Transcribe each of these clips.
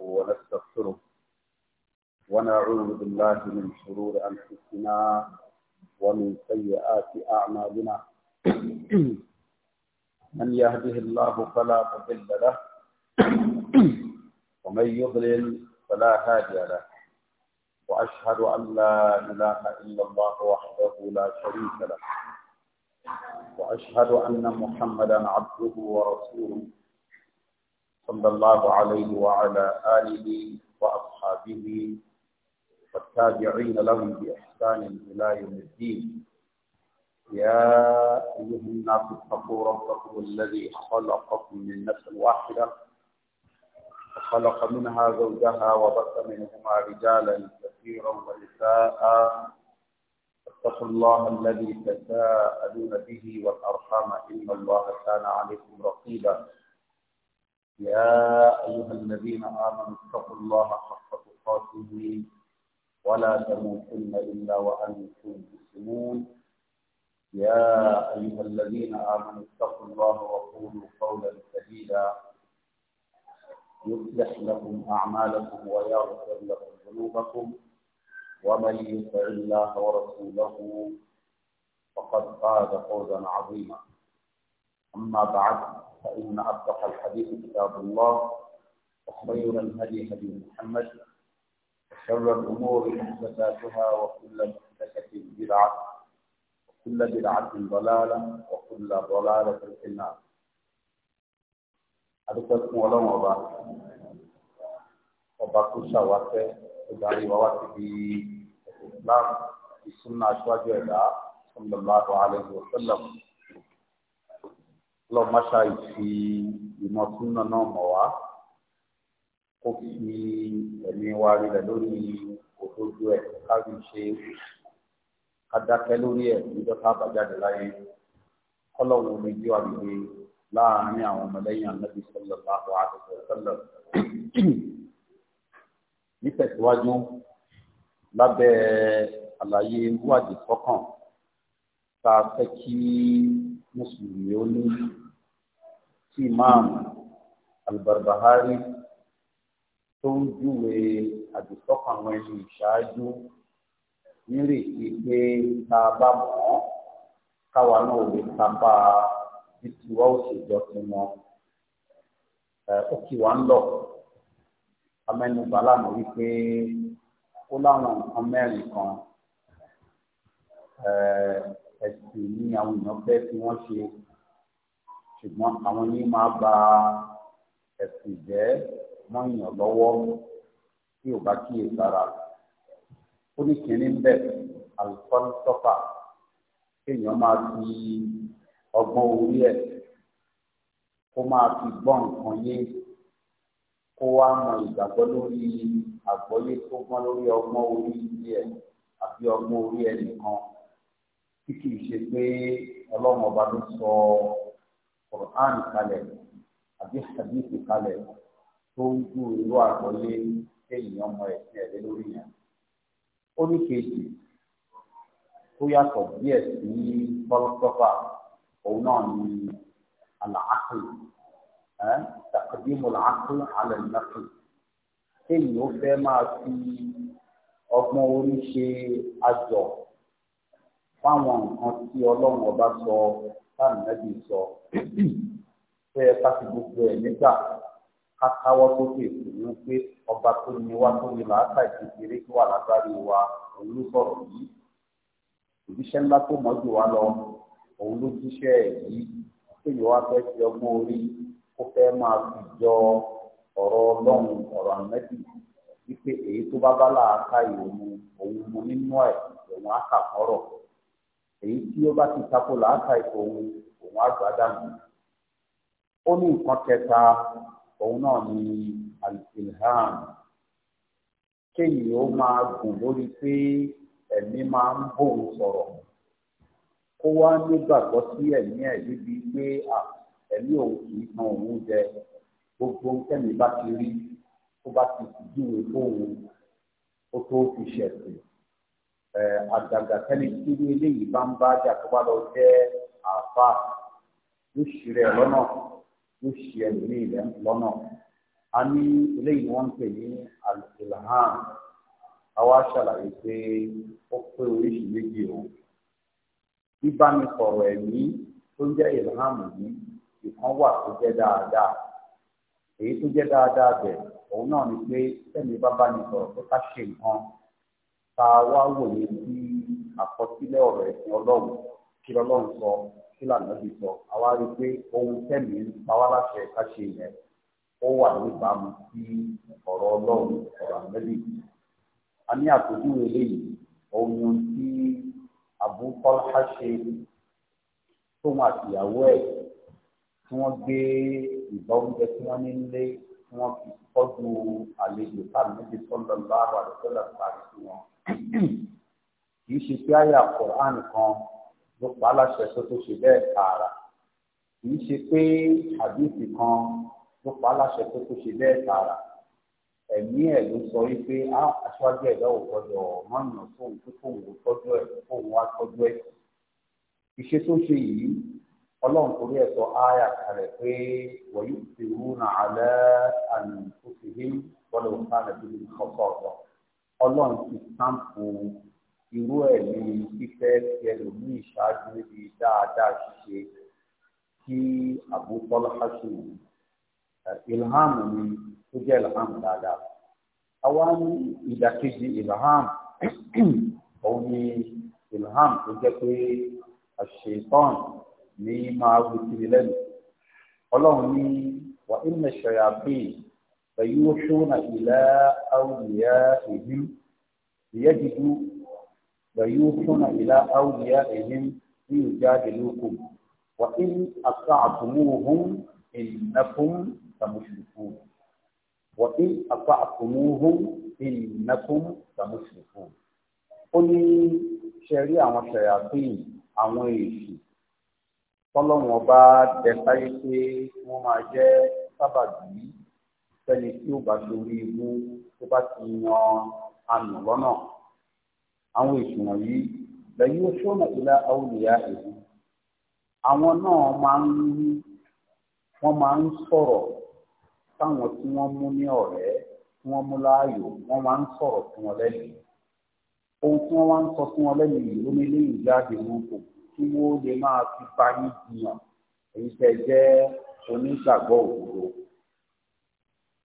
ونستغفره ونعوذ بالله من شرور أنفسنا ومن سيئات أعمالنا من يهده الله فلا مضل له ومن يضلل فلا هادي له وأشهد أن لا إله إلا الله وحده لا شريك له وأشهد أن محمدا عبده ورسوله صلى الله عليه وعلى آله وأصحابه والتابعين لهم بإحسان إلى يوم الدين يا أيها الناس اتقوا ربكم الذي خلقكم من نفس واحدة وخلق منها زوجها وبث منهما رجالا كثيرا ونساء اتقوا الله الذي تساءلون به والأرحام إن الله كان عليكم رقيبا يا أيها الذين آمنوا اتقوا الله حق تقاته ولا تموتن إلا وأنتم مسلمون يا أيها الذين آمنوا اتقوا الله وقولوا قولا سديدا يصلح لكم أعمالكم ويغفر لكم ذنوبكم ومن يطع الله ورسوله فقد فاز فوزا عظيما أما بعد فإن أصدق الحديث كتاب الله وخير الهدي هدي محمد وشر الأمور محدثاتها وكل محدثة بدعة وكل بدعة ضلالة وكل ضلالة في النار أدوكم ولو أبا أبا كوشا وداري أداري وواتي الإسلام في سنة صلى الله عليه وسلم lọ́ọ́ máṣá ìfi ìmọ̀ súnà náà mọ̀ wá kó fi ẹ̀mí wa rilẹ̀ lórí òdodo ẹ̀ kárí ṣe adákẹ́ lórí ẹ̀ níjọ́ tá a bá jáde láyé kọ́lọ́wọ́ mi jẹ́ àgbègbè láàárín àwọn ọmọlẹ́yìn anábì sallallahu alaihi wasallam nítẹ̀síwájú lábẹ́ àlàyé wádìí sọ́kàn tá a fẹ́ kí mùsùlùmí ó ní tí imam albarbahari tó ń júwe àdìsọ́kàn àwọn ẹni ìṣáájú nírètí pé tá a bá mọ̀ ọ́ káwa náà lè kápá títúwá òṣèjọ fún wọn ó kì wá ń lọ amẹnubà lánàá wípé ó láwọn nǹkan mẹ́rin kan ẹ̀sìn ní àwọn èèyàn fẹ́ fi wọ́n ṣe ṣùgbọ́n àwọn ní máa ba ẹ̀sìn jẹ́ mọ́yàn lọ́wọ́ tí ò bá kíyè sára ó ní kínní bẹ́ẹ̀ alifọ́nsọ́fà kéèyàn máa fi ọgbọ́n orí ẹ̀ kó máa fi gbọ́ nǹkan yé kó wá mọ ìgbàgbọ́ lórí àgbọ́yé tó gbọ́n lórí ọgbọ́n orí ilé ẹ̀ àbí ọgbọ́n orí ẹ̀ nìkan tí kìí ṣe pé ọlọ́run ọba ló sọ ọ́. Quran kalẹ̀ àbí hadith kalẹ̀ tó ń ju irú àgbọ̀lé kéèyàn ọmọ ẹ̀sìn ẹ̀rẹ́ lórí yẹn. ó ní kejì tó yàtọ̀ díẹ̀ sí bọ́lọ́sọ́fà òun náà ní àlàáfíì ẹ́ tàkàdímù làákùn alẹ́ nàkùn kéèyàn ó fẹ́ máa fi ọgbọ́n orí ṣe àjọ. fáwọn nǹkan tí ọlọ́run ọba sọ táwọn ẹbí sọ pé ẹ ká gbogbo ẹ nígbà ká káwọ́ sókè pé ọba tó ní wá wa òun ló sọ̀rọ̀ yìí òjíṣẹ́ ńlá tó mọ̀ jù wá lọ òun ló jíṣẹ́ ẹ̀ yìí kéèyàn wá fẹ́ fi ọgbọ́n orí kó fẹ́ máa fi jọ ọ̀rọ̀ ọlọ́run ọ̀rọ̀ àmẹ́bí wípé èyí tó bá bá làákà òun mu nínú ẹ̀ òun á èyí tí ó bá ti tako làákà ipò òun òun àgbàdàmù ó ní nǹkan kẹta òun náà n'i alifilham kéyìí ó máa gùn lórí pé ẹ̀mí máa ń bóun sọ̀rọ̀ kó wá nígbàgbọ́ sí ẹ̀mí ẹ̀ níbi pé ẹ̀mí òun kì gbogbo bá ti rí tó bá ti fóun àgàgà tẹ́lẹ̀ tí ní eléyìí bá ń bá jà tó bá lọ jẹ́ àfa ló ṣì rẹ̀ lọ́nà ló ṣì ẹ̀mí rẹ̀ lọ́nà a ní eléyìí wọ́n ń pè ní alìsílhàn àwa ṣàlàyé pé ó pé oríṣi méjì o bíbánisọ̀rọ̀ ẹ̀mí tó ń jẹ́ ìlhàmù yìí ìkan wà tó jẹ́ dáadáa èyí tó jẹ́ dáadáa bẹ̀ òun náà ni pé sẹ́mi bá bá ní sọ̀rọ̀ ká ṣe nǹkan tá a wá wòye sí àkọsílẹ̀ ọ̀rọ̀ ẹ̀sìn ọlọ́run kí lọ́lọ́run sọ kí lànàbí sọ àwa rí i pé ohun tẹ̀mí ń pa wá láṣẹ ká ṣe yẹn ó wà níbàámu sí ọ̀rọ̀ ọlọ́run ọ̀rọ̀ àmẹ́lì. a ní àpèjúwe eléyìí ohun tí Abu Talha ṣe tóun àtìyàwó ẹ̀ tí wọ́n gbé ìbá oúnjẹ tí wọ́n ní nílé tí wọ́n fi tọ́jú àlejò tá àmẹ́lì sọ́ńdọ̀ bá wà lọ́sọ̀lá parí sí wọn kì í ṣe pé àyà Quran kan ló pa aláṣẹ tó tó ṣe bẹ́ẹ̀ tààrà kì í ṣe pé àdìsí kan ló pa aláṣẹ tó tó ṣe bẹ́ẹ̀ tààrà ẹ̀mí ẹ̀ ló sọ wípé aṣáájú ẹ̀dá ò gbọdọ̀ mọ́nà fóun tó fóun ò tọ́jú ẹ̀ fóun wá tọ́jú ẹ̀ ìṣe tó ṣe yìí ọlọ́run torí ẹ̀ sọ ááyà kalẹ̀ pé wọ́n yóò ti rúnà alẹ́ àmì òṣèlú bọ́lá òṣèlú àti ìlú kọ́kọ́ ọlọ́run ti sáǹpù irú ẹ̀ ní fífẹ́ fi ẹlòmíì ṣáájú níbi dáadáa ṣíṣe kí àbúkọ́lá ṣù ilham ni ó jẹ́ ilham dáadáa. àwa ní ìdàkejì ilham òun ni ilham tó jẹ́ pé àṣetán ní máa wí kiri lẹ́nu ọlọ́run ní wà ìmẹ̀ṣẹ̀yà bíi. فيوحون إلى أوليائهم ليجدوا فيوحون إلى أوليائهم ليجادلوكم وإن أطعتموهم إنكم لمشركون وإن أطعتموهم إنكم لمشركون قل شريعة ṣẹ̀rí àwọn ṣẹ̀yàpín àwọn èṣù tọ́lọ́wọ́n bá dẹ fẹ́ni tí ó bá sórí ibú tó bá ti yan àmì lọ́nà àwọn èsì wọ̀nyí lẹ́yìn oṣooṣù ìlà àwòlíyá èyí àwọn náà máa ń wọ́n máa ń sọ̀rọ̀ táwọn tí wọ́n mú ní ọ̀rẹ́ tí wọ́n mú láàyò wọ́n máa ń sọ̀rọ̀ fún wọn lẹ́yìn ohun tí wọ́n wá ń sọ fún wọn lẹ́yìn yìí ó ní lẹ́yìn jáde wọn kò kí wọ́n lè máa fi bá jiyàn èyí tẹ́ jẹ́ onígbàgbọ́ òdodo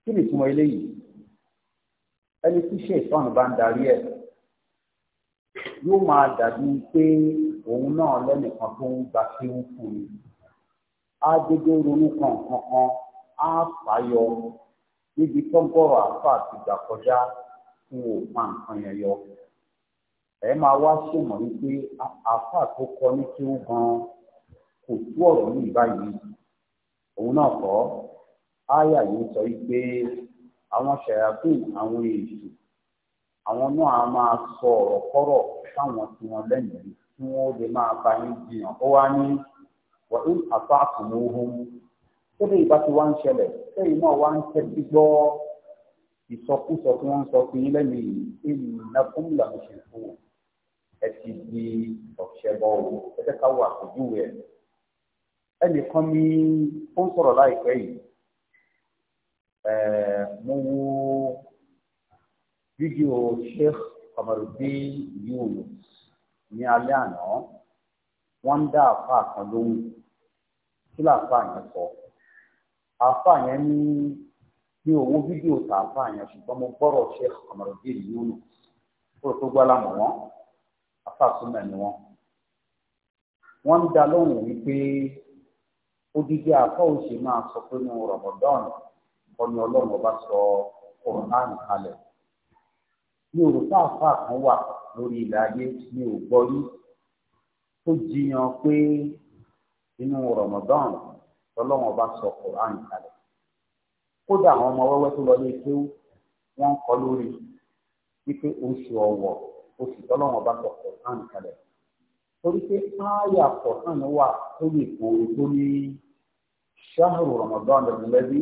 kí ni ìtumọ̀ eléyìí ẹni tí ṣètọ́nù bá ń darí ẹ̀ yóò máa dàbí pé òun náà lẹ́nìkan tó ń gba kí ń fún ni á dédé ronú kan kankan á fàyọ níbi tó ń bọ̀rọ̀ àfa àtìgbà kọjá fún òpá nǹkan yẹn yọ ẹ máa wá ṣèmọ̀ wípé àfa tó kọ ní kí ó gan kò tú ọ̀rọ̀ ní ìbáyìí òun náà kọ́ ọ́. aya yìí sọ pé àwọn ṣàyàfín àwọn èṣù àwọn náà a máa sọ ọ̀rọ̀ kọ́rọ̀ fáwọn tí wọ́n lẹ́yìn rí kí wọ́n lè máa bá yín jiyàn ó wá ní wọ́n ń àfa àkùnmóhun tóbi ìbá ti wá ń ṣẹlẹ̀ sẹ́yìn náà wá ń tẹ́tí gbọ́ ìsọkúsọ tí wọ́n ń sọ fún yín ṣe mun wo fídíò Sheikh Kamaruddin Yunus ní alẹ́ àná wọ́n ń dá àfa kan lóhùn kí làfa yẹn sọ àfa yẹn ní ní owó afọ tà àfa yẹn ṣùgbọ́n Sheikh Kamaruddin Yunus kúrò tó gbọ́ lámọ̀ wọn àfa odidi ọ̀nà ọlọ́run ọba sọ Quran kalẹ̀ mi ò rò pé àfa kan wà lórí ilẹ̀ ayé mi ò gbọ́ rí tó jiyàn pé inú Ramadan ọlọ́run ọba sọ Quran kalẹ̀ kódà àwọn ọmọ wẹ́wẹ́ tó lọ lé kéwú wọ́n ń kọ́ lórí wípé oṣù ọ̀wọ̀ oṣù tọ́lọ́wọ́n bá sọ Quran kalẹ̀ torí pé ááyà Quran wà tó lè kó o tó ní ṣáàrù Ramadan lẹ́bi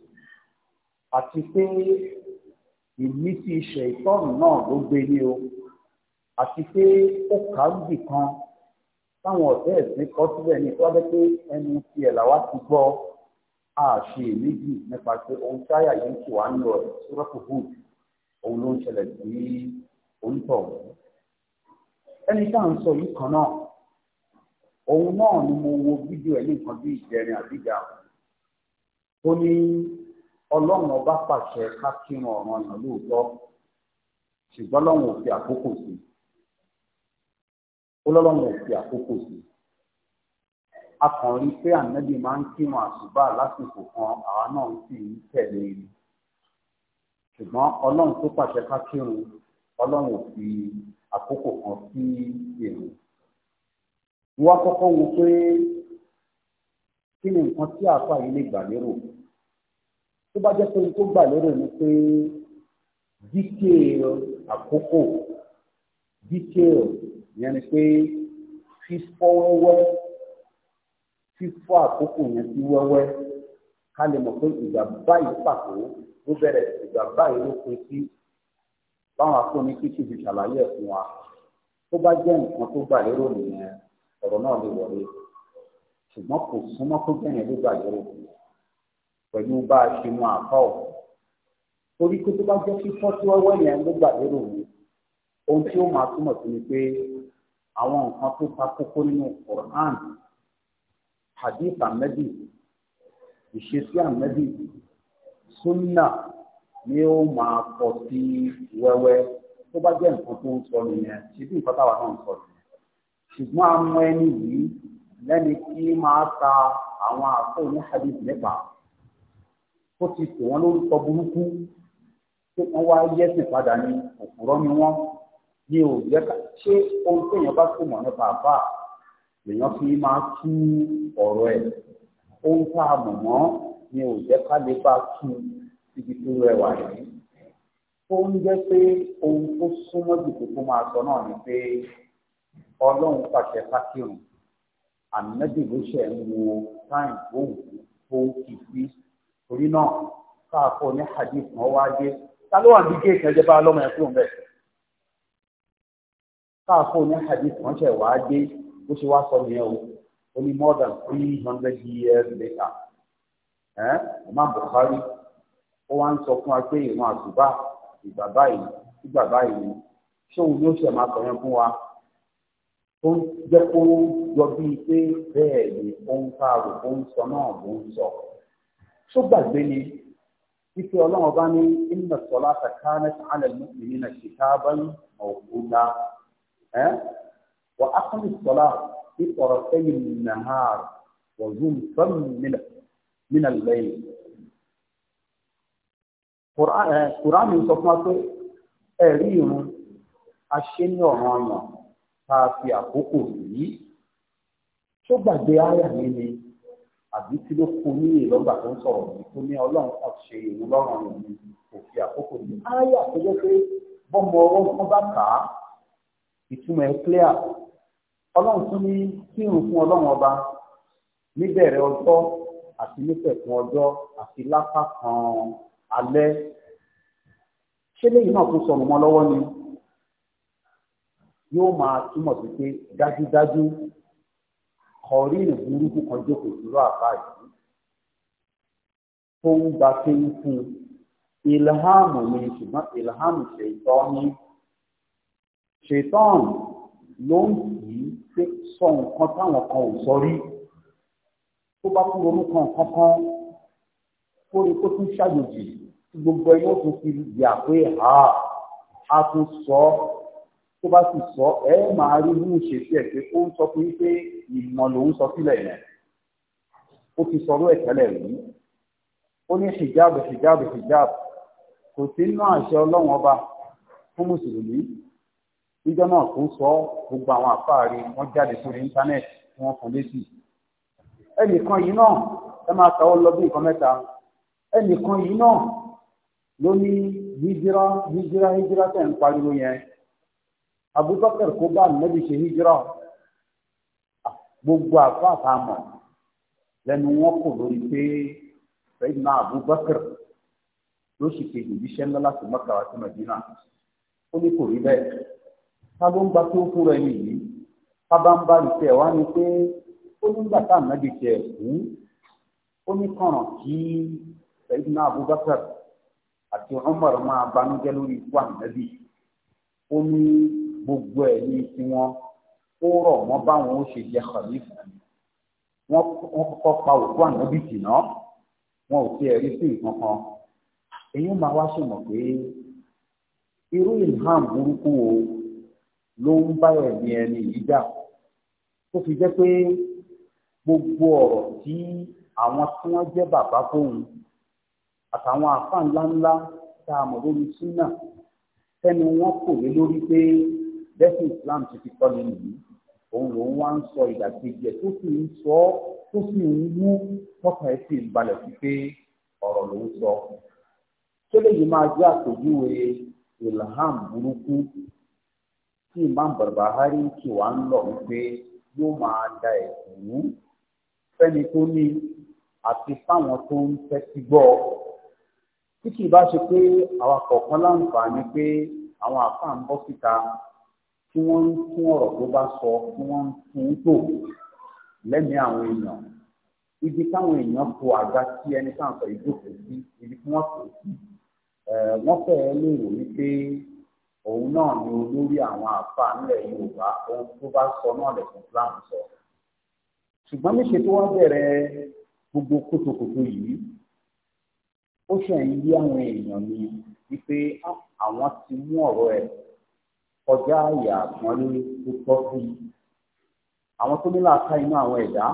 àti pé ìmísí ṣèitọ́nù náà ló gbé ní o àti pé ó kà ń bì kan táwọn ọ̀tẹ́ ẹ̀sìn kọ́ síbẹ̀ ní tó wáyé pé ẹnu tiẹ̀ làwa ti gbọ́ a ṣe èméjì nípa pé ohun táyà yìí ń tì wá ń lọ ẹ̀ sọ́rọ́pù hood òun ló ń ṣẹlẹ̀ sí ońtọ̀ ẹni tá à ń sọ yìí kan náà òun náà ni mo wo fídíò ẹ̀ ní nǹkan bí ìjẹrin àbíjà tó ní ọlọ́run ọba pàṣẹ ká kírun ọ̀ràn yàn lóòótọ́ ṣùgbọ́n ọlọ́run ò fi àkókò sí ọlọ́run ò fi àkókò sí a kàn rí i pé ànábì máa ń kírun àṣùbà lásìkò kan àwa náà sì ń tẹ̀lé e ṣùgbọ́n ọlọ́run tó pàṣẹ ká kírun ọlọ́run ò fi àkókò kan sí èrò wọ́n á kọ́kọ́ wo pé kí ni nǹkan tí àáfàá yìí lè gbà lérò fún tó bá jẹ́ pé tó gbà lérò ni pé detail àkókò detail yẹn ni pé fífọ́ wẹ́wẹ́ fífọ́ àkókò yẹn sí wẹ́wẹ́ ká lè mọ̀ pé ìgbà báyìí pàtó ló bẹ̀rẹ̀ ìgbà báyìí ló pin sí báwọn afúnni kíkì fi ṣàlàyé ẹ̀ fún wa tó bá jẹ́ nǹkan tó gbà lérò nìyẹn ọ̀rọ̀ náà lè wọlé ṣùgbọ́n kò súnmọ́ tó jẹ́ yẹn ló gbà lérò nìyẹn pẹ̀lú bá a ṣe mọ àpá ọ̀ torí pé tó bá jẹ́ kí fọ́tí ọwọ́ yẹn ló gbà lérò mi ohun tí ó máa túmọ̀ sí ni pé àwọn nǹkan tó ta kókó nínú Quran hadith ahmedi ìṣesí ahmedi sunna ni ó máa pọ̀ sí wẹ́wẹ́ tó bá jẹ́ nǹkan tó ń sọ nìyẹn ṣebí nǹkan táwa náà ń sọ nìyẹn ṣùgbọ́n a mọ ẹni yìí lẹ́ni tí máa ta àwọn àpò ní hadith nípa tó ti pè wọ́n lórúkọ burúkú pé wọ́n wá yẹ́sìn padà ní òpùrọ́ ni wọ́n ní ò jẹ́ ká ṣé ohun téèyàn bá tó mọ̀ nípa àbá lèèyàn fi máa tú ọ̀rọ̀ ẹ̀ ohun tá a mọ̀ mọ́ ni ò jẹ́ ká lè bá tú ibi tó rẹwà yìí tó ń jẹ́ pé ohun tó súnmọ́ jùlọ tó máa sọ náà ni pé ọlọ́run pàṣẹ fákìrùn ànábì ló ṣẹ̀ ń wo táyìn tó ń kì sí torí náà káàkó ní hadith wọn wá dé ta ló wà ní géèkì ẹjẹ bá lọ́mọ ẹ̀kú ń bẹ̀ káàkó ní hadith wọn ṣẹ̀ wá dé bó ṣe wá sọ nìyẹn o ó ní more than three hundred years later ẹ̀ Imam Bukhari ó wá ń sọ fún wa pé ìran àtúbà ìgbà báyìí ìgbà báyìí ṣóun ni ó máa sọ̀rọ̀ fún wa tó ń jẹ́ kó yọ bíi pé bẹ́ẹ̀ ni ó ń ká àròkó ń sọ náà ló ń sọ tó gbàgbé ni wípé ọlọ́run bá ní inna salata kanat ala al-mu'minina kitaban mawquta wa aqimi as-salata fi tarafayi an-nahar wa zulfan min al-layl. kùránì sọ fún wa pé ẹ̀rí irun aṣẹ́ ní ọ̀ràn ọ̀nà tá a fi àkókò yìí tó gbàgbé áyà mi ni àbí kí ló kú ní ìlọ́gbà tó ń sọ̀rọ̀ yìí tó ní ọlọ́run kan ṣe ìlú lọ́rùn rẹ̀ ní òfin àkókò yìí. ayé àtẹ́jọ́ pé bọ́mọ ọwọ́ kan bá kà á ìtumọ̀ ẹ̀ clear ọlọ́run tún ní kírun fún ọlọ́run ọba níbẹ̀rẹ̀ ọjọ́ àti nípẹ̀kun ọjọ́ àti lápá kan alẹ́ ṣé lẹ́yìn náà tó sọnù mọ́ lọ́wọ́ ni yóò máa túmọ̀ sí pé dájúdájú kọrí ìbúrúkú kan jókòó dúró àbá yìí tó ń gba kéwú fún ilhamu mi ṣùgbọ́n ilhamu ṣètọ́ni ṣètọ́n ló ń kì í pé sọ nǹkan táwọn kan ò sọ rí tó bá tún ronú kan kankan kó rí kó tún ṣàjòjì tí gbogbo ẹ yóò tún fi yà pé a tún sọ ọ́ tó bá sì sọ ẹ máa rí inú ṣe sí ẹ pé ó ń sọ fún yín pé ìmọ̀ lòún sọ sílẹ̀ yẹn ó ti sọ̀rọ̀ ẹ̀ tẹ́lẹ̀ rí ó ní hijab hijab hijab kò sí nínú àṣẹ ọlọ́run ọba fún mùsùlùmí níjọ́ náà tó ń sọ gbogbo àwọn àfáàrí wọn jáde sórí íńtánẹ́ẹ̀tì tí wọ́n fún létí ẹnìkan yìí náà ẹ máa tàwọn lọ bí nǹkan mẹ́ta ẹnìkan yìí náà ló ní hijira hijira hijira tẹ̀ ń pariwo yẹn abubakar kó bá nàbì ṣe hijira gbogbo àfáàfáà mọ̀ lẹ́nu wọn kò lórí pé fẹ́ẹ́nà abubakar ló sì kejì iṣẹ́ ńlá láti Mẹ́kà wá sí Mẹ́dínà ó ní kò rí bẹ́ẹ̀ ká ló ń gba tó fún rẹ nìyí ká bá ń bá rí wá ni pé ó nígbà tá à nàbì tẹ̀ ó ní kọ̀ràn kí fẹ́ẹ́nà abubakar àti Umar máa banújẹ́ lórí ikú ànábì ó ní gbogbo ẹ̀ ní tiwọn ó rọ̀ wọ́n báwọn ó ṣe jẹ khalifa wọ́n kọ́kọ́ pa òkú ànábì jìnnà wọn ò tiẹ̀ rí sí nǹkan kan èyí máa wá ṣe mọ̀ pé irú ilham burúkú wo ló ń bá ẹ̀mí ẹni yìí dà tó fi jẹ́ pé gbogbo ọ̀rọ̀ tí àwọn tí wọ́n jẹ́ bàbá fóun àtàwọn àfa ńláńlá tá a mọ̀ lórí sínà tẹ́nu wọn kò lé lórí pé bẹ́sẹ̀ islam ti fi kọ́ ni nìyí òun lòun wá ń sọ ìdàkejì ẹ̀ tó sì ń sọ tó sì ń mú tọ́ka ẹ̀ sì ń balẹ̀ sí pé ọ̀rọ̀ lòun sọ. tó léyìí máa jẹ́ àpèjúwe ilham burúkú tí imam barbahari kì wá ń lọ wípé yóò máa da ẹ̀sìn mú fẹ́ni tó ní àti fáwọn tó ń tẹ́tí gbọ́ tí kì í bá ṣe pé àwọn kọ̀ọ̀kan láǹfààní pé àwọn àfáà ń bọ́ síta tí wọ́n ń tún ọ̀rọ̀ tó bá sọ tí wọ́n ń tún tò lẹ́mìí àwọn èèyàn ibi táwọn èèyàn kó àga sí ẹni tá à ń sọ ìjókòó sí ibi tí wọ́n kò sí wọ́n fẹ́ẹ́ lérò wípé òun náà ni olórí àwọn àfa nílẹ̀ Yorùbá ohun tó bá sọ náà lẹ̀sìn Islam sọ ṣùgbọ́n níṣe tó wá bẹ̀rẹ̀ gbogbo kótókótó yìí ó ṣe ń yí àwọn èèyàn ni wípé ah, àwọn ti mú ọ̀rọ̀ ẹ̀ ọjà àyà àpọ́nlé tó tọ́ sí i àwọn tó ní làákà inú àwọn ẹ̀dá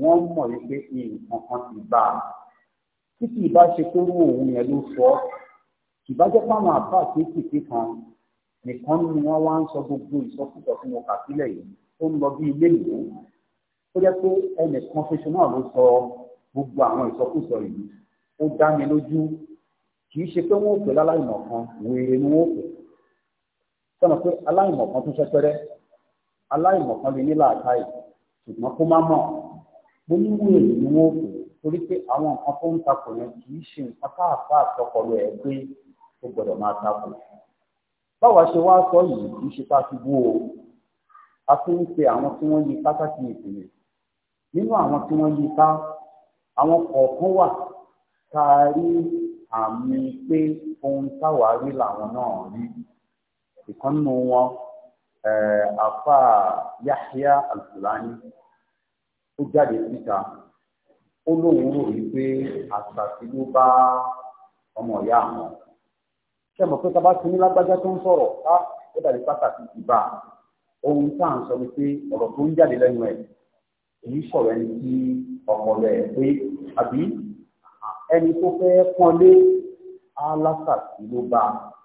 wọ́n mọ̀ wípé nǹkan kan ti bá a tí kì í bá ṣe pé irú òun yẹn ló sọ kì bá jẹ́ pàmò àbá kéékèèké kan nìkan ni wọ́n wá ń sọ gbogbo ìsọkúsọ fún wọn kà sílẹ̀ yìí tó ń lọ bí ilé ìlú ó jẹ́ pé ẹnìkan ṣoṣo náà ló sọ gbogbo àwọn ìsọkúsọ yìí ó dá mi lójú kì í ṣe pé wọ́n ò pè láláìmọ̀ kan wèrè ni wọ́n ò pè sọ̀rọ̀ pé aláìmọ̀kan tún ṣẹpẹrẹ aláìmọ̀kan lè ní làákàyè ṣùgbọ́n kó má mọ̀ mo ní wúlò ní wọn kò torí pé àwọn nǹkan tó ń takò yẹn kì í ṣe nǹkan káàkáà tọkọlọ ẹ pé ó gbọdọ̀ máa takò báwa ṣe wá sọ yìí kì í ṣe ká fi bú o a fi ń pe àwọn tí wọ́n yí pátákì ìpìlẹ̀ nínú àwọn tí wọ́n yí ká àwọn kọ̀ọ̀kan wà tá rí àmì pé ohun táwa rí làwọn náà rí ìkànnù wọn afa Yahya Al-Fulani ó jáde síta ó lóun rò wípé àṣàṣì ló bá ọmọ ìyá àwọn ṣé mo pé tábà tún ní lágbájá tó ń sọ̀rọ̀ ká ó dàbí pàtàkì ìbá ohun tá à ń sọ ni pé ọ̀rọ̀ tó ń jáde lẹ́nu ẹ̀ èyí sọ̀rọ̀ ẹni tí ọpọlọ ẹ̀ pé àbí ẹni tó fẹ́ pọ́nlé alásàṣì ló bá a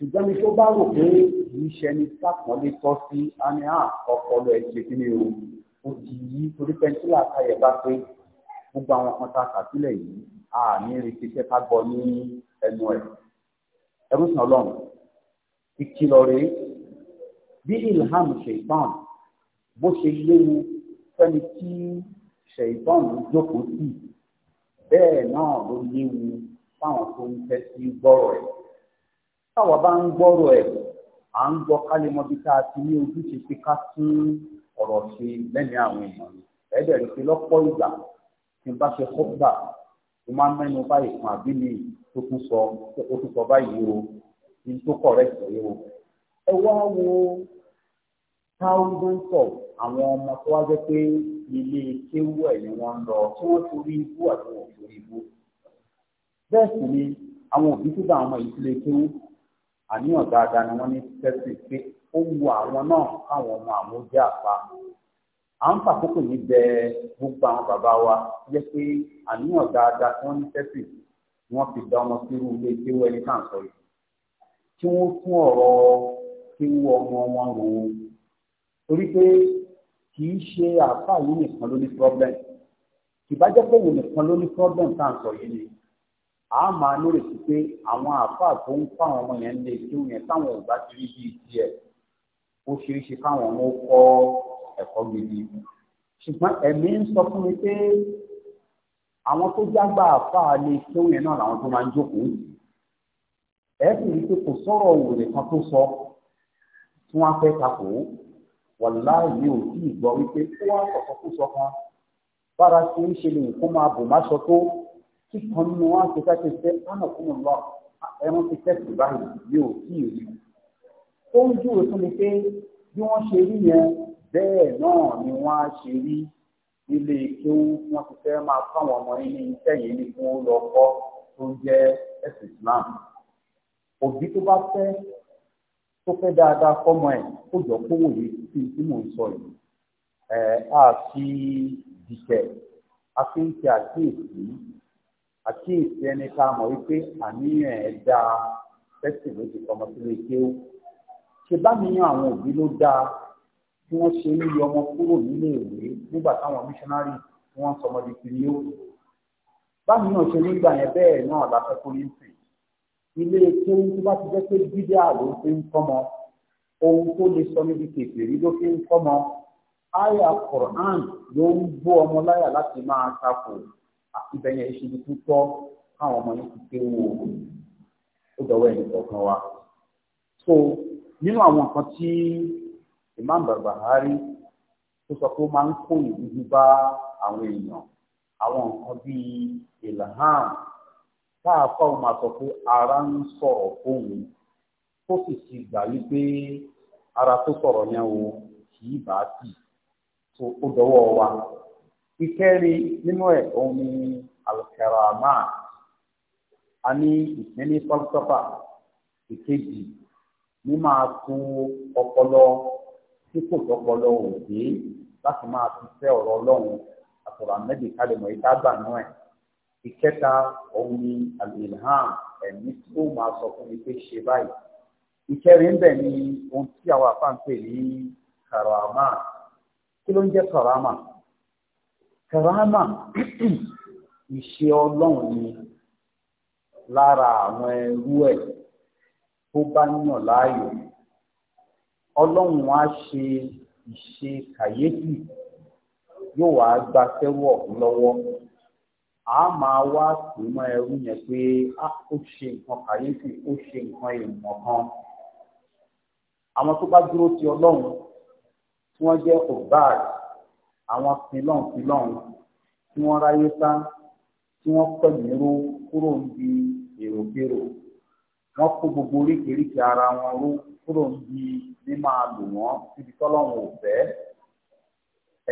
ṣùgbọ́n ní tó bá rò pé kì í ṣẹni sàpọ́nlé tọ́ sí àmì hàn ah, ọpọlọ ẹ̀ ṣe kí ni o ó ti yí torí pẹ́ńtílà káyẹ̀ bá pé gbogbo àwọn kan tá a kà sílẹ̀ yìí a ní retí iṣẹ́ ká gbọ́ ní ẹnu ẹ̀ ẹrú sàn ọlọ́run ìkìlọ̀ rèé bí ilham ṣèpán bó ṣe léwu fẹ́ni tí ṣèpán jókòó sí bẹ́ẹ̀ náà ló léwu fáwọn tó ń tẹ́tí gbọ́rọ̀ ẹ̀ táwa bá ń gbọ́rọ̀ ẹ̀ à ń gbọ́ ká tá a ti ní ojúṣe pé ká tún ọ̀rọ̀ ṣe lẹ́mìí àwọn èèyàn ẹ̀ẹ́dẹ̀ pé lọ́pọ̀ ìgbà tí n bá ṣe kọ́gbà mo máa ń mẹ́nu bá ìkan àbí mi tó tún sọ tó tún sọ báyìí o ní tó kọ̀ rẹ̀ sí o ẹ wá wo thousands of àwọn ọmọ tó wá jẹ́ pé ilé kéwú ẹ̀ ni wọ́n ń lọ tí wọ́n torí ibú àti wọ́n torí ibú bẹ́ẹ̀ sì ni àwọn òbí tó bá àwọn ìdílé kéwú àníyàn dáadáa ni wọ́n ní tẹ́sí pé ó wu àwọn náà káwọn ọmọ àwọn ó jẹ́ àpá à ń fàkókò yìí bẹ gbogbo àwọn bàbá wa jẹ́ pé àníyàn dáadáa tí wọ́n ní tẹ́sí ni wọ́n fi dá ọmọ sírú ilé kéwọ́ ẹni tá à ń sọ yìí kí wọ́n tún ọ̀rọ̀ kéwọ́ ọmọ wọn rò ó torí pé kì í ṣe àáfàá yìí nìkan ló ní problem ìbá jẹ́ nìkan ló ní problem tá à ń sọ yìí ni a máa nírètí pé àwọn àáfàá tó ń kọ́ àwọn ọmọ yẹn lè kí yẹn táwọn ò bá ti rí bíi tiẹ̀ ó ṣeéṣe káwọn ọmọ kọ́ ẹ̀kọ́ gidi ṣùgbọ́n ẹ̀mí ń sọ fún mi pé àwọn tó jágbá àáfàá lè kí yẹn náà làwọn tó máa ń jókòó ẹ sì rí i pé kò sọ̀rọ̀ òwò nìkan tó sọ tí wọ́n á fẹ́ takò ó wàláàyè ò tí ì gbọ́ wípé ó wá sọ̀kọ́kú sọ kan bára ṣe ń ṣe lè kó máa bò má sọ tó kíkan nínú wọn àti ká ṣe ṣe ọ̀nà fún un lọ ẹran ti tẹ̀sí báyìí mi ò tí ì rí. ó ń júwèé fún mi pé bí wọ́n ṣe rí yẹn bẹ́ẹ̀ náà ni wọ́n á ṣe rí ilé kéwú wọ́n ti fẹ́ máa fáwọn ọmọ yín ní iṣẹ́ yìí ní kí wọ́n lọ kọ́ tó ń jẹ́ ẹ̀sìn Islam. òbí tó bá fẹ́ tó fẹ́ dáadáa fọ́mọ ẹ̀ kó jọ kówó yìí sí tí mò ń sọ yìí. a fi àkíyèsí ẹni ká mọ̀ wípé àníyàn ẹ̀ dáa fẹ́sì ló ti fọmọ sílé kéwú ṣe bá níyàn àwọn òbí ló dáa tí wọ́n ṣe ń yọ ọmọ kúrò nílé ìwé nígbà táwọn missionary tí wọ́n sọmọ di kiri ó bá níyàn ṣe nígbà yẹn bẹ́ẹ̀ náà láfẹ́ kó ní sìn ilé kéwú tó bá ti jẹ́ pé bídíà ló fi ń kọ́mọ ohun tó lè sọ níbi kékeré ló fi ń kọ́mọ àyà Quran ló ń bó ọmọ láyà láti máa takò ibẹ̀ yẹn ṣe ibi tó tọ́ káwọn ọmọ yẹn ti ké wo ó wa. so nínú àwọn nǹkan tí Imam Barbahari tó sọ pé ó máa ń kó ìdúdú bá àwọn èèyàn àwọn nǹkan bíi ilham a máa sọ pé ara ń sọ̀rọ̀ fóun tó sì ti gbà wípé ara tó sọ̀rọ̀ ìkẹrin nínú ẹ̀ òun ni alkarama a ní ìpínlẹ̀ fọlọ́sọ́fà ìkejì ní máa tún ọpọlọ tí kò tọpọlọ òde láti máa fi fẹ́ ọ̀rọ̀ ọlọ́run àtọ̀rọ̀ àmẹ́bí kálẹ̀mọ̀ ìdágbà náà ẹ̀ ìkẹta òun ni alilham ẹ̀mí tí ó máa sọ fún mi pé ṣe báyìí ìkẹrin bẹ̀ ni ohun tí àwọn àpá ń pè ní karama kí ló ń jẹ́ karama kẹràmà ìṣe ọlọ́run ni lára àwọn ẹrú ẹ̀ tó bá yàn láàyò ọlọ́run á ṣe ìṣe kàyéfì yóò wá gba sẹ́wọ̀ lọ́wọ́ a máa wá pè mọ́ ẹrú yẹn pé ó ṣe nǹkan kàyéfì ó ṣe nǹkan èèmọ̀ kan àwọn tó bá dúró ti ọlọ́run tí wọ́n jẹ́ òbáàdì àwọn pilọ̀n pilọ̀n tí wọ́n ráyé sá tí wọ́n pẹ̀lú kúrò ń bi èròkérò wọ́n kó gbogbo oríkèéríkè ara wọn ró kúrò ń bi ní máa lò wọ́n síbi tọ́lọ́run ò fẹ́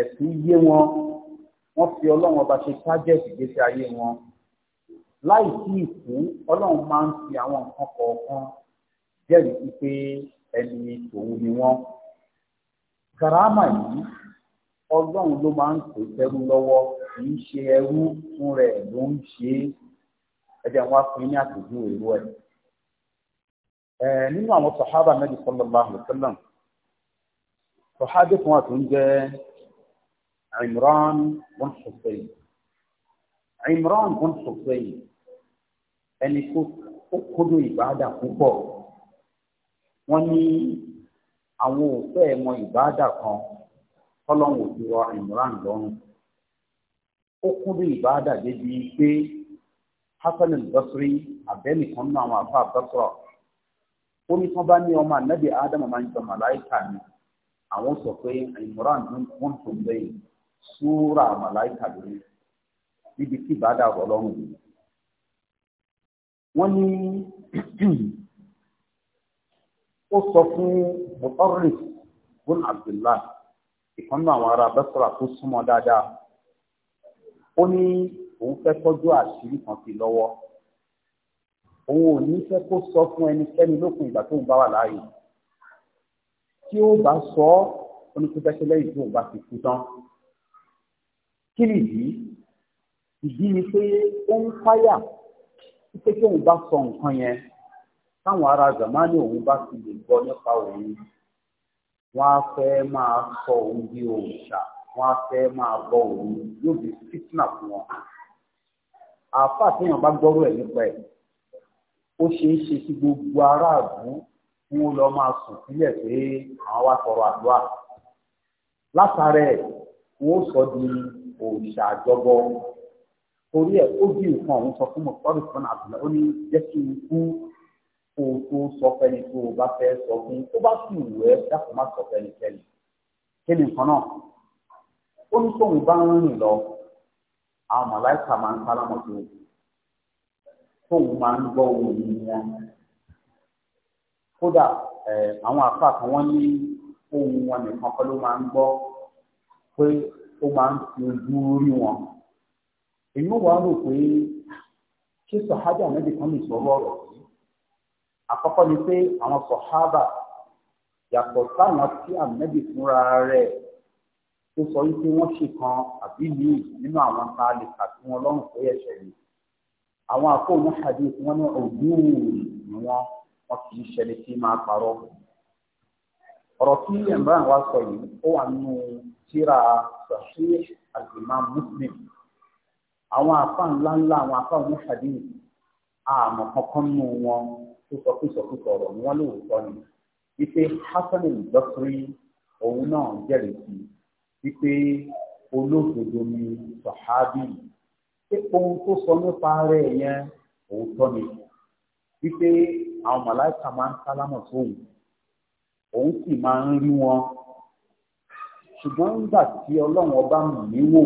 ẹ̀sìn yé wọn wọ́n fi ọlọ́run ọba ṣe tájẹ́ẹ̀tì gbèsè ayé wọn láì sí ìkú ọlọ́run máa ń fi àwọn nǹkan kọ̀ọ̀kan jẹ́rìí pé ẹni tòun ni wọ́n. karama yìí ọlọ́run ló máa ń pè ẹrú lọ́wọ́ kì í ṣe ẹrú fún rẹ̀ ló ń ṣe é ẹ̀jẹ̀ wọn á fún ní àpèjú èrú ẹ̀. nínú àwọn sàhábà Ànábì sallallahu alaihi wasallam sàhábà kan tó ń jẹ́ Imran bin Husayn Imran bin Husayn ẹni tó kódó ìbáàdà púpọ̀ wọ́n ní àwọn òfẹ́ ẹ̀mọ ìbáàdà kan. tọ́lọ́hún òbí wa Imran lọ́rùn ó kún bí ìbáàdà débi pé Hasan al-Basri abẹ́nìkan náà àwọn àfa Basra ó ní kán bá ní ọmọ ànábì Ádámù máa ń jọ màláìkà ni àwọn sọ pé Imran ń tún bẹ́ẹ̀ súrà màláìkà lórí níbi tí ìbáàdà rọ̀ lọ́rùn yìí wọ́n ní ìkànnà àwọn ará bẹ́sọ̀rà tó súnmọ́ dáadáa ó ní òun fẹ́ tọ́jú àṣírí kan sí lọ́wọ́ òun ò ní fẹ́ kó sọ fún ẹnikẹ́ni lókun ìgbà tóun bá wà láàyè tí ó bá sọ ọ́ ó ní kó fẹ́ lẹ́yìn tóun bá ti kú tán kí nìdí ìdí ni pé ó ń fáyà pé kí òun bá sọ nǹkan yẹn táwọn ará zamani òun bá ti lè gbọ́ nípa òun wọ́n á fẹ́ máa sọ òun di òòṣà wọ́n á fẹ́ máa bọ òun yóò di fitna fún wọn. àáfàá téèyàn bá gbọ́rọ̀ ẹ̀ nípa ẹ̀ ó ṣeé ṣe kí gbogbo aráàlú kí wọ́n lọ máa sùn sílẹ̀ pé àwọn wá tọrọ àdúrà látara ẹ̀ wọ́n sọ di òòṣà àjọbọ torí ẹ̀ ó di nǹkan òun sọ fún mọ̀tọ́rì fún àbùlá ó ní jẹ́ kí n kú kó o tó sọ tó o bá sọ fún o bá sì wù ẹ dákun má sọ fẹ́ni fẹ́ni kéde nǹkan náà ó ní tóun bá ń rìn lọ àwọn màláìka máa ń sálámọ tó o tóun ohun yìí wọn kódà àwọn àfáà kan wọ́n ní ohun wọn nìkan kọ́ ló máa ń gbọ́ pé ó máa ń fi ojú rí wọn èyí wàá rò pé ṣé sàhájà kan lè sọ ọ́ àkọ́kọ́ ni pé àwọn sọ̀hábà yàtọ̀ sáwọn tí ànábì fúnra rẹ̀ tó sọ wípé wọ́n ṣe kan àbí míì nínú àwọn tá a lè kà sí wọn lọ́rùn tó yẹ ṣẹlẹ̀ àwọn àkóhùn hadith wọn ní ọdún ni wọn wọn kì í ṣẹlẹ̀ tí máa parọ́ ọ̀rọ̀ tí Imran wa sọ yìí ó wà nínú tírà Sahih al Muslim àwọn àfa ńláńlá àwọn àfa oníhadith àmọ́ kankan nínú wọn tó sọ pé sọkúsọ ọ̀rọ̀ ni wọ́n lóòótọ́ ni wípé Hasan al-Basri òun náà jẹ́rìí sí wípé olóògbòdo ni sọ̀hábì pé ohun tó sọ nípa rẹ̀ yẹn òótọ́ ni wípé àwọn màláìka máa ń sálámọ̀ sóhun òun sì máa ń rí wọn ṣùgbọ́n nígbà tí ọlọ́run ọba mọ̀ wò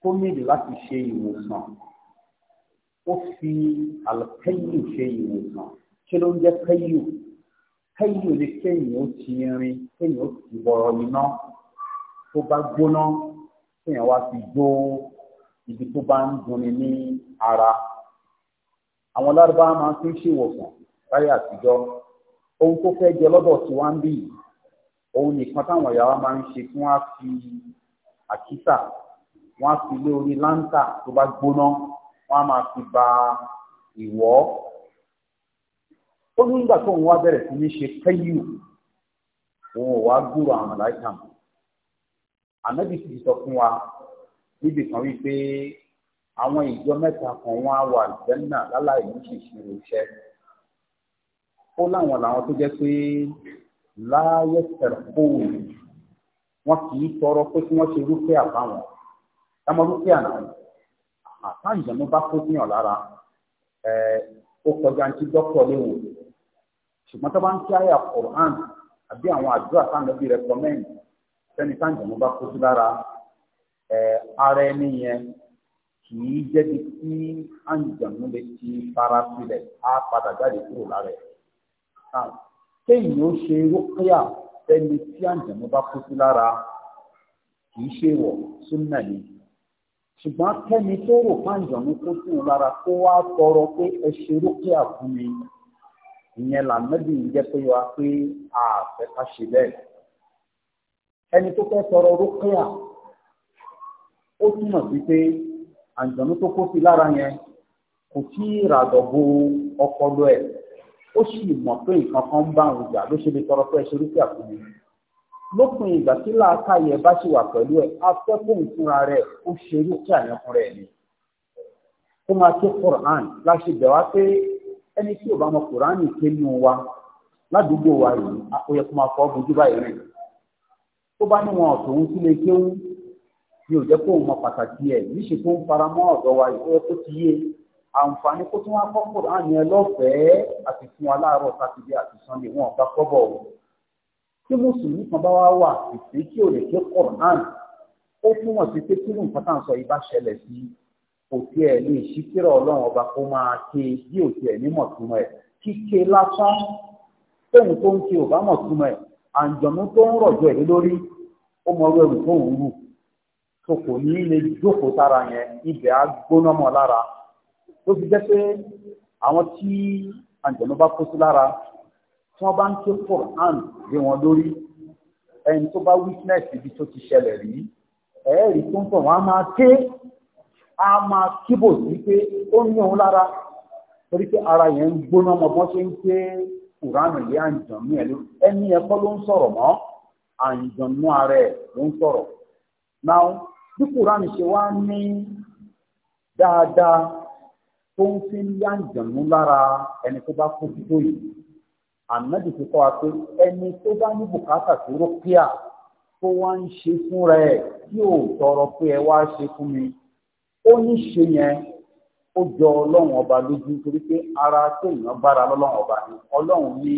tó nílò láti ṣe ìwòsàn ó fi àlùkẹ́yù ṣe ìwòsàn kí ló ń jẹ́ kẹ́yù kẹ́yù ni kéèyàn ó ti rin kéèyàn ó ti bọ̀rọ̀ iná tó bá gbóná kéèyàn wá fi jó ibi tó bá ń dunni ní ara àwọn lárúbáwá máa ń fi ń ṣèwòsàn láyé àtijọ́ ohun tó fẹ́ jẹ lọ́dọ̀ tí wọ́n ń bì yìí òun nìkan táwọn ìyá máa ń ṣe kí wọ́n á fi àkísà wọ́n á fi lé orí láńtà tó bá gbóná wọ́n á máa fi ba ìwọ́. ó ní nígbà tóun wá bẹ̀rẹ̀ sí ní ṣe kẹ́yù òun ò wá gbúrò àwọn ànábì wa níbi kan wípé àwọn ìjọ mẹ́ta kan wọ́n á wà jẹ́nà láláì ní iṣẹ́. ó láwọn làwọn tó jẹ́ pé wọn kì tọrọ pé kí wọ́n ṣe rúkẹ́ àbáwọn. rúkẹ́ àtàǹjẹ̀mú bá kó sí yàn lára ó kọjá ní tí dókítà lè wò ṣùgbọ́n tó bá ń kí àyà Qur'an àbí àwọn àdúrà táwọn ẹbí recommend sẹ́ni táǹjẹ̀mú bá kó sí lára ara ẹni yẹn kì í jẹ́bi tí àǹjẹ̀mú lè ti fara sílẹ̀ á padà jáde kúrò lára ẹ̀ kéèyàn ó ṣe rúkúyà sẹ́ni tí àǹjẹ̀mú bá kó sí lára kì í ṣe wọ̀ súnà ni ṣùgbọ́n kẹ́mi tó rò pàǹjọ́ ní tó sì ń lára kó wá tọrọ pé ẹ ṣe rókèá fún mi ìyẹn làmẹ́bí ń jẹ́ pé wá pé àfẹ́ ká ṣe bẹ́ẹ̀ ẹni tó fẹ́ tọrọ rókèá ó túmọ̀ sí pé àǹjọ̀nú tó kó sí lára yẹn kò tí ì ràdọ̀ bo ọpọlọ ẹ̀ ó sì mọ̀ pé nǹkan kan ń bá òun jà ló ṣe lè tọrọ pé ẹ ṣe rókèá fún mi lópin ìgbà tí làákàyè bá ṣì wà pẹ̀lú ẹ̀ afẹ́kùn fúnra rẹ̀ ó ṣe irú kí àyànfún rẹ̀ ni. ó máa ké Quran láṣẹ bẹ̀ wá pé ẹni tí ò bá mọ Quran ké nù wa ládùúgbò wa yìí ó yẹ kó máa fọ́ ojú báyìí rìn. tó bá ní wọn ọ̀tún tí lè kéwú ni ò jẹ́ kó mọ pàtàkì ẹ̀ níṣẹ́ tó ń fara mọ́ ọ̀dọ́ wa yìí ó yẹ kó ti yé àǹfààní kó tún wá kọ́ Quran yẹn lọ́fẹ̀ẹ́ àti fún wa láàárọ̀ sátidé àti sunday wọn ò tí mùsùlùmí kan bá wá wà ìsìn tí ò lè ké kọ̀ọ̀nán ó túmọ̀ sí pé kí ló nǹkan tá à ń sọ yìí bá ṣẹlẹ̀ sí kò tiẹ̀ lè ṣí kíra ọlọ́run ọba kó máa ké bí ò tiẹ̀ nímọ̀ túmọ̀ ẹ̀ kíké lásán tóun tó ń ké ò bá mọ̀ túmọ̀ ẹ̀ àǹjọ̀nú tó ń rọ̀jò ẹ̀ lórí ó mọ ọrú ẹrù tóun rù tó kò ní lè jókòó sára yẹn ibẹ̀ á gbóná mọ́ lára ló fi jẹ́ pé àwọn tí àǹjọ̀nú bá kó sí lára tí wọ́n bá ń ké Quran lé wọn lórí ẹni tó bá witness ibi tó ti ṣẹlẹ̀ rí ẹ̀ẹ́rì tó ń tọ̀ wọ́n á máa ké á máa kíbò sí pé ó ń yàn lára torí pé ara yẹn ń gbóná ọmọ bọ́n ṣe ń ké Quran lé àǹjọ̀nú ẹ̀ lórí ẹni ẹ̀kọ́ ló ń sọ̀rọ̀ mọ́ àǹjọ̀nú ara ẹ̀ ló ń sọ̀rọ̀ náà bí Quran ṣe wá ní dáadáa tó ń fi ń yá àǹjọ̀nú lára ẹni tó bá kó tó yìí ànábì ti kọ́ wa pé ẹni tó bá ní bùkátà tó rọ́píà tó wá ń ṣe fúnra ẹ̀ tí ò tọrọ pé ẹ wá ṣe fún mi ó ní ṣe yẹn ó jọ ọlọ́run ọba lójú torí pé ara tó bára lọ́lọ́run ọba ni ọlọ́run ní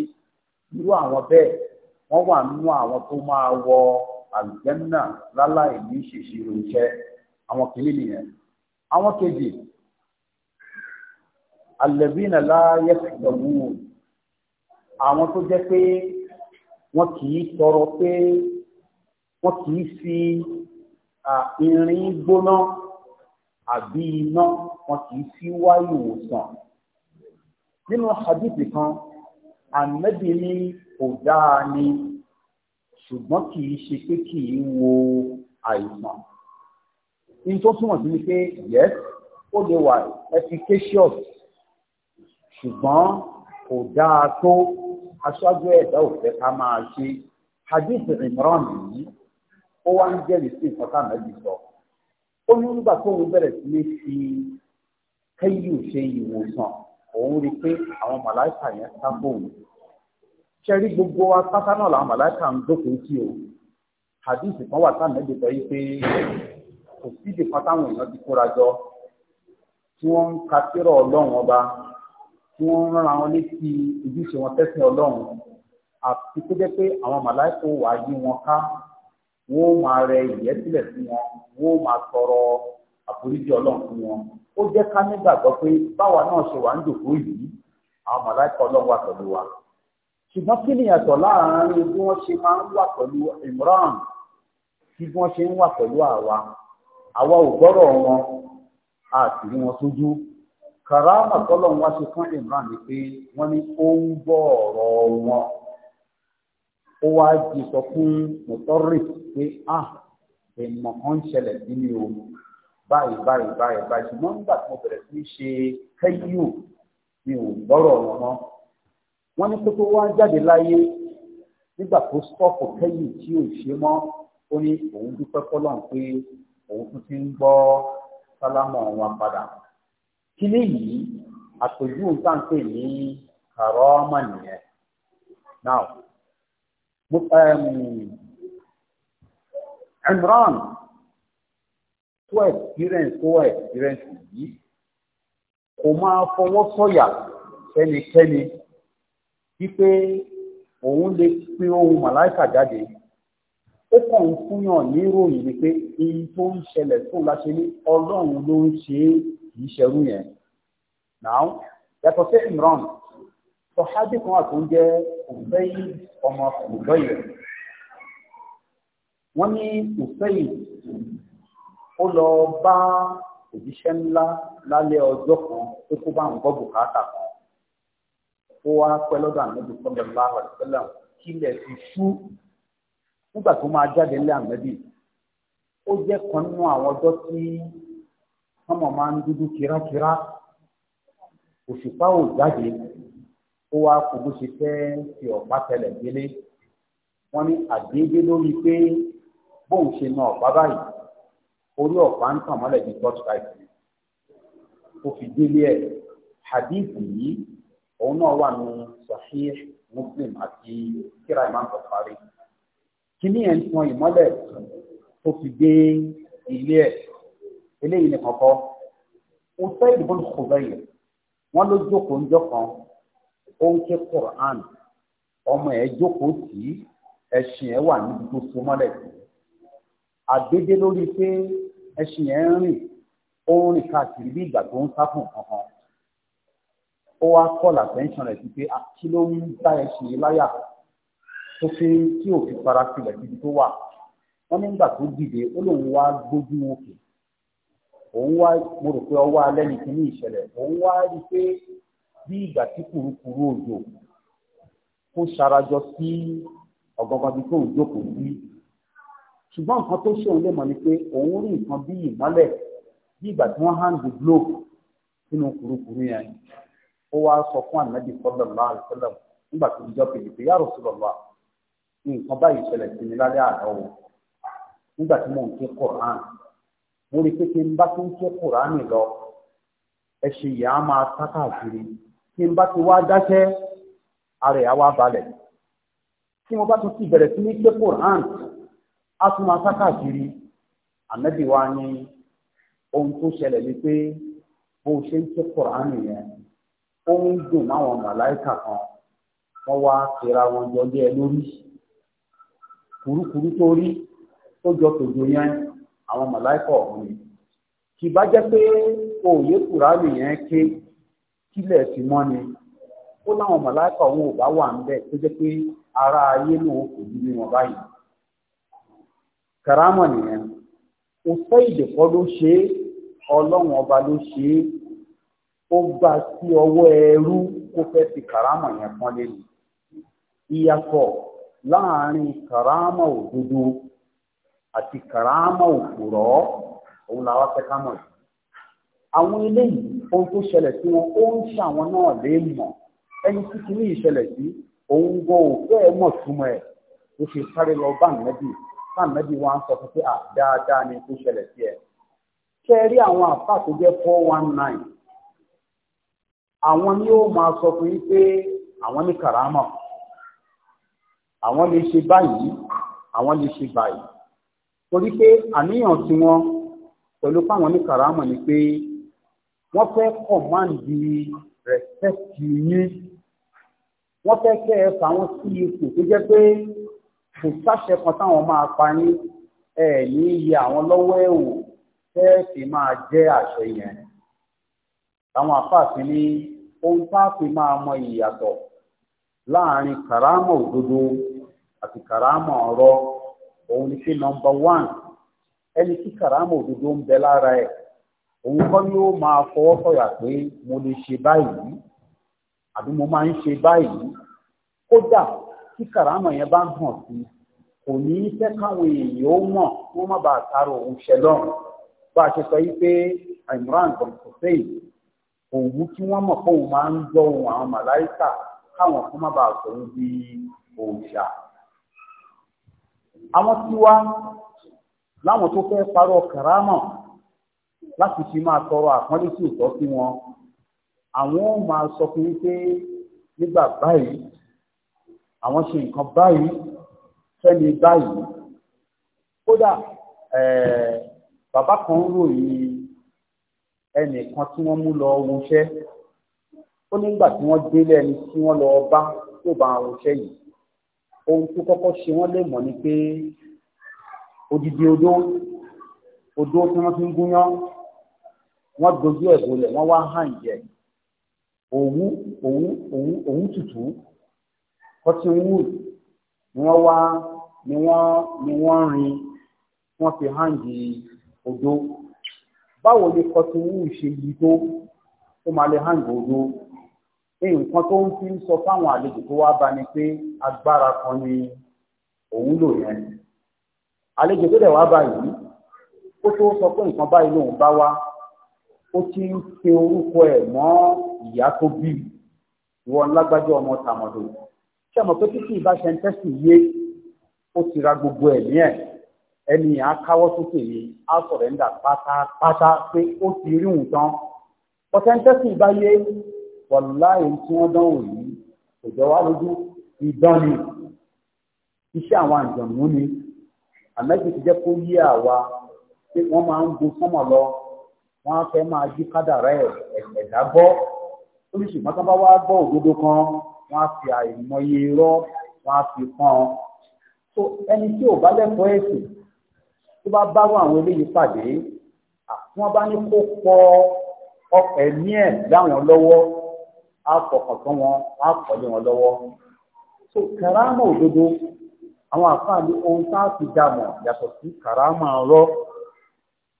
irú àwọn bẹ́ẹ̀ wọ́n wà nínú àwọn tó máa wọ àlùjẹ́nà láláì ní ṣèṣirò iṣẹ́ àwọn kìíní nìyẹn àwọn kejì alẹ́bí náà láyé fẹ̀gbọ́n wù àwọn tó jẹ́ pé wọ́n kì í tọrọ pé wọ́n kì í fi irin gbóná àbí iná wọ́n kì í fi wá ìwòsàn nínú hadith kan ànábì ní kò dáa ni ṣùgbọ́n kì í ṣe pé kì í wo àìsàn in tó túmọ̀ sí ni pé yes ó lè wà efficacious ṣùgbọ́n kò dáa tó aṣáájú ẹ̀dá òfẹ́ ká máa ṣe hadith Imran yìí ó wá ń jẹ́rìí sí nǹkan tá ànábì sọ ó ní nígbà tó ń bẹ̀rẹ̀ sí ní fi kẹ́yù ṣe ìwòsàn òun rí i pé àwọn màláìkà yẹn sá fóun ṣẹ́rí gbogbo wa pátá náà làwọn màláìkà ń dókòó sí o hadith kan wà tá ànábì sọ yìí pé kò sídìí kan táwọn èèyàn ti kóra jọ tí wọ́n ń ka tírọ̀ ọlọ́run ọba tí wọ́n ń rán àwọn létí ojúṣe wọn tẹ́sán ọlọ́run àti tó jẹ́ pé àwọn màláìkò wàá yí wọn ká wọ́n ó máa rẹ ìyẹ́ sílẹ̀ sí wọn wọ́n ó máa tọrọ àforíjì ọlọ́run fún wọn ó jẹ́ ká nígbàgbọ́ pé báwa náà ṣe wà ń jòkó yìí àwọn màláìkò ọlọ́run wà pẹ̀lú wa ṣùgbọ́n kí ni ìyàtọ̀ láàárín bí wọ́n ṣe máa ń wà pẹ̀lú Imran bí wọ́n ṣe ń wà pẹ̀lú àwa àwa ò gbọ́rọ̀ wọn a sì rí wọn sójú karama tọ́lọ̀ wá sí fún Imran ni pé wọ́n ní ó ń bọ̀ ọ̀rọ̀ wọn ó wá di sọ fún mọ̀tọ́rì pé a ah, èèmọ̀ kan ṣẹlẹ̀ nínú o báyìí báyìí báyìí báyìí ṣùgbọ́n nígbà tí mo bẹ̀rẹ̀ sí í ṣe kẹ́yù mi ò gbọ́rọ̀ wọn mọ́ wọ́n ní kó tó wá jáde láyé nígbà tó stọ́ọ̀pù kẹ́yù tí ò ṣe mọ́ ó ní òun dúpẹ́ fọlọ́run pé òun tún ti ń gbọ́ sálámọ̀ wọn padà kíní yìí àpèjú nǹkan pè ní kàrọ́mà nìyẹn now um, Imran tó experience tó experience yìí kò máa fọwọ́ sọ̀yà sẹ́nikẹ́ni wípé òun lè pe ohun màláìkà jáde ó kàn ń fúnyàn ní ìròyìn ni pé èyí tó ń ṣẹlẹ̀ tó láṣẹ ní ọlọ́run ló ń ṣe é kì í ṣerú yẹn náà yàtọ̀ sí Imran sọ̀hádì kan wà tó ń jẹ́ òfẹ́yì ọmọ òfẹ́yì wọ́n ní òfẹ́yì ó lọ bá òjíṣẹ́ ńlá lálẹ́ ọjọ́ kan pé kó bá ń gbọ́ bùkátà kan ó wá pẹ́ lọ́dọ̀ ànábì sọ́dọ̀ láwà sílẹ̀ kílẹ̀ ti ṣú nígbà tó máa jáde lé ànábì ó jẹ́ kan nínú àwọn ọjọ́ tí sọmọ máa ń dúdú kírákírá òṣùpá ò jáde ó wá kó bó ṣe fẹ́ fi ọ̀pá tẹlẹ̀ délé wọ́n ní àdéédé lórí pé bóun ṣe na ọ̀pá báyìí orí ọ̀pá ń tàn mọ́lẹ̀ bíi torchlight ó fi délé ẹ̀ hadith yìí òun náà wà ní sahih muslim àti kíra imam bukhari kíní ẹ̀ ń tan ìmọ́lẹ̀ tó fi dé ilé ẹ̀ eléyìí ni kọ̀kọ́ Usaid ibn Khudayr wọ́n ló jókòó ńjọ́ kan ó ń ké Qur'an ọmọ ẹ̀ jókòó tì í ẹṣin ẹ̀ wà níbi tó so mọ́lẹ̀ sí àgbédé lórí pé ẹṣin ẹ̀ ń rìn ó ń rìn káàkiri bí ìgbà tó ń sá fún kankan ó wá call attention rẹ̀ sí pé ah, kí ló ń dá ẹṣin yìí láyà tó fi tí ò fi síbi tó wà wọ́n nígbà tó dìde ó lóun wá gbójú òkè òun wá mo rò pé ọwọ́ alẹ́ ni kí ní ìṣẹ̀lẹ̀ òun wá rí pé bí ìgbà tí kùrukùru òjò kó sarajọ sí ọ̀gọ́gọ́ bí tó ń jókòó sí ṣùgbọ́n nǹkan tó ṣe òun lè mọ̀ ni pé òun rí nǹkan ìmọ́lẹ̀ bí ìgbà tí wọ́n the globe sínú yẹn ó wá sọ fún ànábì nígbà tó ń jọ pé nǹkan báyìí ṣẹlẹ̀ o nígbà tí mò ń mo rí i pé kí n bá ti ń ké kùránì lọ ẹṣin yìí á máa tá káàkiri kí n bá ti wá dáṣẹ́ ara ẹ̀ á wá balẹ̀ tí mo bá tún ti bẹ̀rẹ̀ sí ní ké kùránì á tún máa tá káàkiri ànábì wa ní ohun tó ṣẹlẹ̀ ni pé bó ṣe ń ké kùránì yẹn ó ń dùn máwọn màláìkà kan wọ́n wá tẹ̀ra wọn jọ lé ẹ lórí kùrukùru tó rí tó jọ tòjò yẹn àwọn màláìkọ̀ ọ̀hún ni kì bá jẹ́ pé òye kùránì yẹn ké kílẹ̀ ti mọ́ ni ó láwọn màláìkọ̀ ọ̀hún ò bá wà ń bẹ̀ tó jẹ́ pé ara ayé náà kò ní ní wọn báyìí kàrámọ̀ nìyẹn ó fẹ́ ìdẹ̀kọ́ ló ṣe é ọlọ́run ọba ló ṣe é ó gbà sí ọwọ́ ẹrú kó fẹ́ fi kàrámọ̀ yẹn pọ́n lé ní ìyàtọ̀ láàrin kàrámọ̀ òdodo àti kàràmà òpùrọ̀ òun làwọn fẹ́ ká mọ̀ yìí. àwọn eléyìí ohun tó ṣẹlẹ̀ sí wọn ó ń ṣàwọn náà lè mọ̀ ẹni tí kìíní ìṣẹ̀lẹ̀ sí òun gan ò fẹ́ mọ̀ túmọ̀ ẹ̀ ó ṣe sáré lọ bá nẹ́bí bá nẹ́bí wa ń sọ fún pé à dáadáa ni tó ṣẹlẹ̀ sí ẹ. ṣé ẹ rí àwọn àpá tó jẹ́ four one nine àwọn ni ó máa sọ fún yín pé àwọn ní kàràmà àwọn lè ṣe báyìí àwọn lè ṣe báyìí. torí pé àníyàn tí wọn pẹ̀lú fáwọn ní kàrámọ̀ ni pé wọ́n fẹ́ kọ̀máǹdì rẹ̀sẹ̀tì yín wọ́n fẹ́ kẹ́ ẹ fà wọ́n sí ipò tó jẹ́ pé kò sáṣẹ kan táwọn máa pa yín ẹ ní iye àwọn lọ́wọ́ ẹ̀wò tẹ́ẹ̀sì máa jẹ́ àṣẹ yẹn àwọn àfáàfin ní ohun tá a fi máa mọ ìyàtọ̀ láàrin kàrámọ̀ òdodo àti kàrámọ̀ ọ̀rọ̀ òun ni pé nọmba wán ẹni tí kàrámù òdodo ń bẹ lára ẹ̀ òun kọ́ ni ó máa fọwọ́ sọ̀yà pé mo lè ṣe báyìí àbí mo máa ń ṣe báyìí kódà tí kàrámù yẹn bá ń hàn sí kò ní í fẹ́ káwọn èèyàn ó mọ̀ kí wọ́n má bàa taro òun ṣẹlọ́n bá a ṣe sọ yìí pé Imran bin Hussein òwú kí wọ́n mọ̀ pé òun máa ń gbọ́ ohun àwọn màláìkà káwọn kó má bàa sọ òun bí òòṣà àwọn tí wá láwọn tó fẹ́ parọ́ kàrámọ̀ láti fi máa tọrọ àpọ́nlé sí ìtọ́ sí wọn àwọn ó máa sọ fún yín pé nígbà báyìí àwọn ṣe nǹkan báyìí fẹ́ni báyìí kódà bàbá kan ń ròyìn ẹnìkan tí wọ́n mú lọ wọṣẹ́ ó nígbà tí wọ́n délé ẹni tí wọ́n lọ bá tó bá wọṣẹ́ yìí ohun tó kọ́kọ́ ṣe wọ́n lè mọ̀ ni pé odidi odó odó tí wọ́n fi ń gúnyán wọ́n dojú ẹ̀ bolẹ̀ wọ́n wá hàn jẹ òwú òwú òwú òwú tutù cotton wool ni wọ́n wá ni wọ́n ni wọ́n rin wọ́n fi hàn jì odó báwo ni cotton wool ṣe yí tó ó máa lè hàn jì odó nǹkan tó ń fi ń sọ fáwọn àlejò tó wá bá ni pé agbára kan ni òun lò yẹn àlejò tó dẹ̀ wá báyìí ó tó sọ pé nǹkan báyìí lòun bá wá ó ti ń pe orúkọ ẹ̀ mọ́ ìyá tó bí ìwọ ńlágbájọ ọmọ tàmọ̀dò ṣé mọ̀ pé títí ìbáṣẹ ń tẹ́sì yé ó ti ra gbogbo ẹ̀mí ẹ̀ ẹni à káwọ́ sókè yìí á sọ̀rẹ́ńdà pátápátá pé ó ti rí nǹkan ọ̀sẹ̀ ń tẹ́sì ìbáyé wàláì tí wọ́n dánwò yìí kò jọ wá lójú idán ni iṣẹ́ àwọn àjọ̀nù ni àmẹ́jì ti jẹ́ kó yí àwa pé wọ́n máa ń gun sánmọ̀ lọ wọ́n á fẹ́ máa yí kádàrá ẹ̀dá gbọ́ oríṣìíríṣìí tó bá wá gbọ́ òdodo kan wọ́n á fi àìmọye irọ́ wọ́n á fi pọ́n ọ. so ẹni tí ò bá lẹ́kọ̀ọ́ ẹ̀sìn tó bá bá àwọn eléyìí pàdé wọ́n bá ní kó pọ̀ ọkọ̀ ẹ̀mí ẹ̀ láwọn lọ́wọ́ á wọn á wọn lọ́wọ́ so kàrámà òdodo àwọn àfáà ní ohun a fi dà mọ̀ yàtọ̀ sí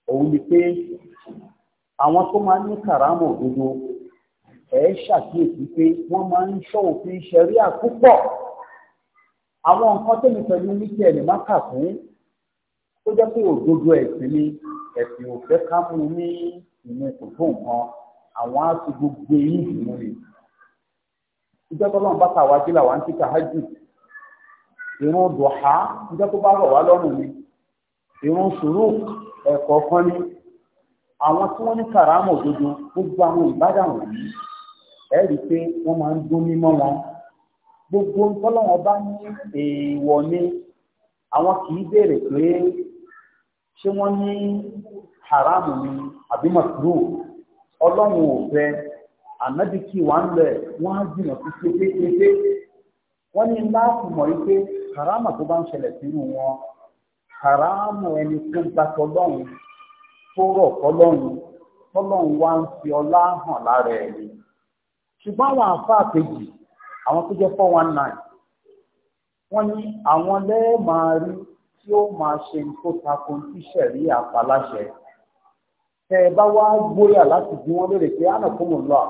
òun ni pé àwọn tó máa ń ní kàrámà òdodo ẹ ṣàkíyèsí pé wọ́n máa ń ṣọ́ òfin ṣẹ̀ríà púpọ̀ àwọn nǹkan tẹ̀mí pẹ̀lú ní kí ẹnì má fún ó jẹ́ pé òdodo ẹ̀sìn ni ẹ̀sìn ká mú ní ìjọ tó lọ́n bá ta wá sí làwọn ti tahajjud ìrun dùhà ìjọ tó bá rọ̀ wá lọ́rùn ni ìrun sùúrù ẹ̀kọ́ kan ni àwọn tí wọ́n ní kàràmù òdodo gbogbo àwọn ìbádà wọ̀nyí ẹ rí i pé wọ́n máa ń dún mímọ́ wọn gbogbo ntọ́lọ́wọ́n bá ní èèwọ̀ ni àwọn kì í béèrè pé ṣé wọ́n ní haramu ni àbí màkúrò ọlọ́run ò fẹ́ ànábì kí wà ń lọ ẹ̀ wọ́n á jìnà sí pépépépé wọ́n ní láàfù mọ̀ yìí pé kàrámà tó bá ń ṣẹlẹ̀ sínú wọn kàrámà ẹni tó gba tọlọ́run tó rọ̀ tọlọ́run tọlọ́run wá ń fi ọlá hàn lára ẹ̀ ni àwọn àfáà kejì àwọn tó jẹ́ four one nine wọ́n ní àwọn lẹ́ẹ̀ máa rí tí ó máa ṣe nǹkó tako tíṣẹ̀rí àpaláṣẹ tẹ ẹ bá wá gbóyà láti bí wọ́n lérè pé ànàkùnmọ̀ lọ́à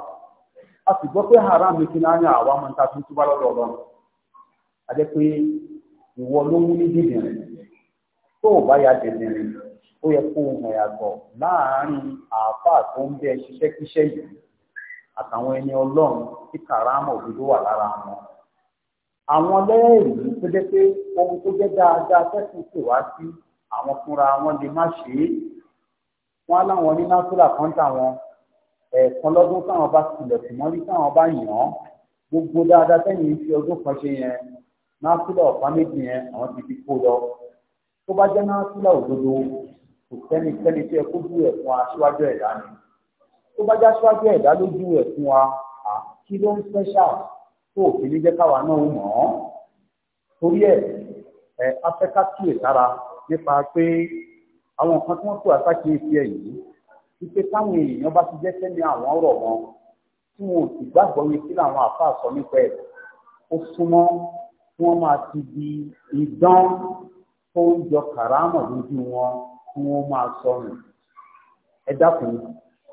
a sì gbọ́ pé haram ní kí láyà àwa máa ń ta tuntun bá lọ́dọ̀ ọlọ́run a jẹ́ pé ìwọ ló mú ní dìdìrín tó bá ya dìdìrín ó yẹ kó o mọ̀ yàtọ̀ láàárín àáfàá tó ń bẹ ṣiṣẹ́kíṣẹ́ yìí àtàwọn ẹni ọlọ́run tí karama òdodo wà lára wọn àwọn lẹ́ẹ̀rí tó jẹ́ pé ohun tó jẹ́ dáadáa tẹ́sán sì wá sí àwọn fúnra wọn lè má ṣe é wọn láwọn ní kan tà wọn ẹ̀ẹ̀kan lọ́dún táwọn bá tilẹ̀kùn mọ́lí táwọn bá yàn án gbogbo dáadáa tẹ́yìn fi ọdún kan ṣe yẹn náfìlà ọ̀pá méjì yẹn àwọn ti fi kó lọ tó bá jẹ́ náfìlà òdodo kò sẹ́nikẹ́ni tí ẹ kó ju ẹ̀ fún aṣíwájú ẹ̀dá ni tó bá jẹ́ aṣíwájú ẹ̀dá ló ju ẹ̀ fún wa kí ló ń sẹ́ṣà tó òfin ní jẹ́ káwa náà ó mọ̀ ọ́ torí ẹ̀ ẹ̀ afẹ́ká kíyèsára nípa pé àwọn nǹkan tí wọ́n kó àtàkì ìfẹ́ yìí wípé táwọn èèyàn bá ti jẹ́ sẹ́ni àwọn ọ̀rọ̀ wọn tí wọn ò sì gbàgbọ́ yẹn kí làwọn nípa ẹ̀ ó súnmọ́ kí wọ́n ti di tó ń jọ wọn kí wọ́n máa ẹ dákun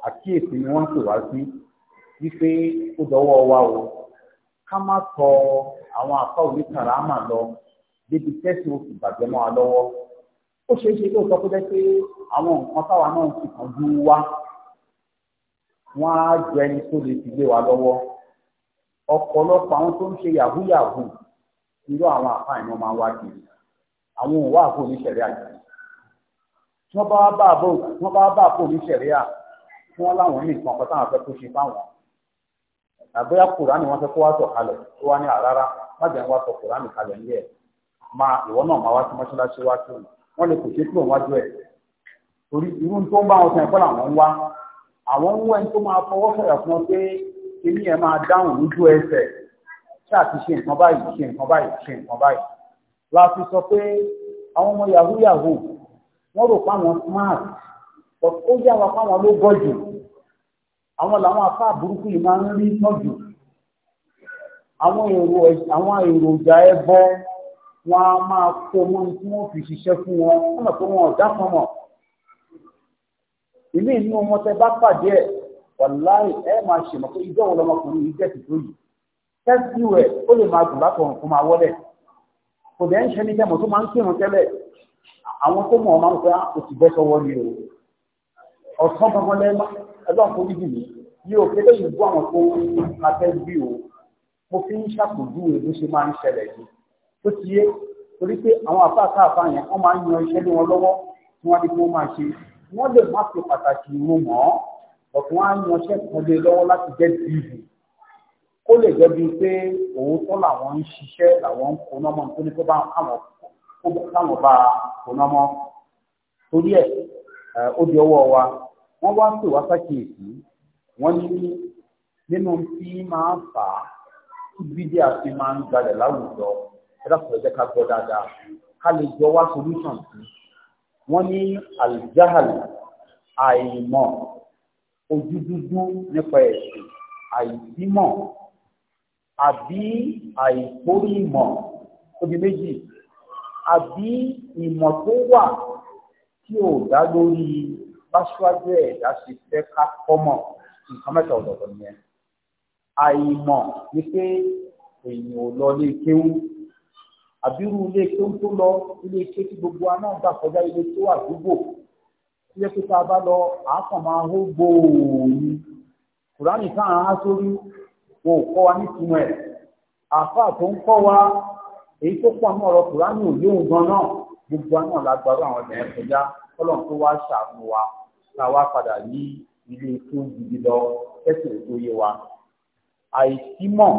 àkíyèsí ni wọ́n ń pè wá sí wípé ó wa o lọ débi tẹ́sí oṣù bàjẹ́ ó ṣeé ṣe kó sọ pé jẹ́ pé àwọn nǹkan táwa náà ti kàn ju wa wọ́n á jọ ẹni tó lè fi gbé wa lọ́wọ́ ọ̀pọ̀lọpọ̀ àwọn tó ń ṣe yahoo yahoo irú àwọn àfáàní wọn máa ń wá kiri àwọn òwò àpò oníṣẹ̀rí àjẹ́ tí bá bá àpò oníṣẹ̀rí à tí wọ́n láwọn ní nǹkan táwọn fẹ́ kó ṣe fáwọn àbóyá wọ́n sọ tó wá ní sọ ní ẹ̀ máa ìwọ náà máa wá sí mọ́ṣáláṣí wọ́n lè kò ṣe kúrò wájú ẹ̀ torí irú tó ń bá wọn sẹ́yìn fọ́lá wọn wá àwọn ń wẹ́n tó máa fọwọ́ sọ̀rọ̀ fún ọ pé kíní ẹ̀ máa dáhùn lójú ẹsẹ̀ ṣáà ṣe nǹkan báyìí ṣe nǹkan báyìí ṣe nǹkan báyìí la fi sọ pé àwọn ọmọ yahoo yahoo wọ́n rò páwọn smart but ó yá wa páwọn ló bọ́ jù àwọn làwọn afá burúkú yìí máa ń rí tọ́jú àwọn èròjà ẹbọ wọn a máa kó mọ́ ní tí wọ́n fi ṣiṣẹ́ fún wọn wọ́n mọ̀ pé wọn ò dá kan mọ̀. ìlú ìlú wọn tẹ bá pàdé ẹ̀ wàláì ẹ máa ṣe mọ̀ pé ìjọ wo lọmọkùnrin yìí jẹ́ tìtó yìí tẹ́sí rẹ̀ ó lè máa dùn látọ̀ kó máa wọlé kò dẹ̀ ń ṣe ní kẹmọ̀ tó máa ń kírun tẹ́lẹ̀ àwọn tó mọ̀ máa ń pẹ́ òsì ah, bẹ́ sọ́wọ́ ni o ọ̀sán gbọ́ngàn lẹ́nu ẹgbẹ́ ọ̀pọ̀ níbi yìí yóò kéde ìbú àwọn tó ń katẹ́ bí o mo fi ń ṣàpèjúwe bó ṣe máa ń ṣẹlẹ̀ yìí ó ti yé torí pé àwọn àfáàkà àfáà yẹn wọ́n máa ń yan iṣẹ́ lé wọn lọ́wọ́ tí wọ́n ní kí wọ́n máa ṣe wọ́n lè má fi pàtàkì irun mọ́ ọ̀tún á yan iṣẹ́ kan lé lọ́wọ́ láti jẹ́ dìbò ó lè jẹ́ bíi pé òótọ́ làwọn ń ṣiṣẹ́ làwọn ń koná mọ́ nítorí pé káwọn bá koná mọ́ torí ẹ̀ ó di ọwọ́ wa wọ́n wá pè wá sákèésí wọ́n ní nínú tí máa fà á tí bídíà fi máa ń gbalẹ̀ láwùjọ ẹ̀dàkùnrin jẹ́ ká gbọ́ dáadáa ká lè jọ wá solution sí wọ́n ní aljahal àìmọ̀ ojú dúdú nípa ẹ̀sìn àìsímọ̀ àbí àìtórí ìmọ̀ tóbi méjì àbí ìmọ̀ tó wà tí ò dá lórí báṣíwájú ẹ̀dá ṣe fẹ́ ká kọ́mọ̀ nǹkan mẹ́ta ọ̀dọ̀dọ̀ yẹn àìmọ̀ ni pé èèyàn ò lọ lé kéwú àbírú ilé tó ń tó lọ ilé ike tí gbogbo wa náà gbà kọjá ilé tó àdúgbò tí yẹ kí tá a bá lọ àákàn máa hó gbòòrò kùránì tá à ń há sórí kọ́ wa nítumọ̀ ẹ̀ àfáà tó ń kọ́ wa èyí tó pọ̀ náà ọ̀rọ̀ kùránì ò yóò gan náà gbogbo wa náà la gbàrú àwọn ọ̀dẹ̀ yẹn kọjá kọ́lọ́n tó wá ṣàánú wa tá a wá padà ní ilé tó gidi lọ kẹ́sì tó yé wa àìsímọ̀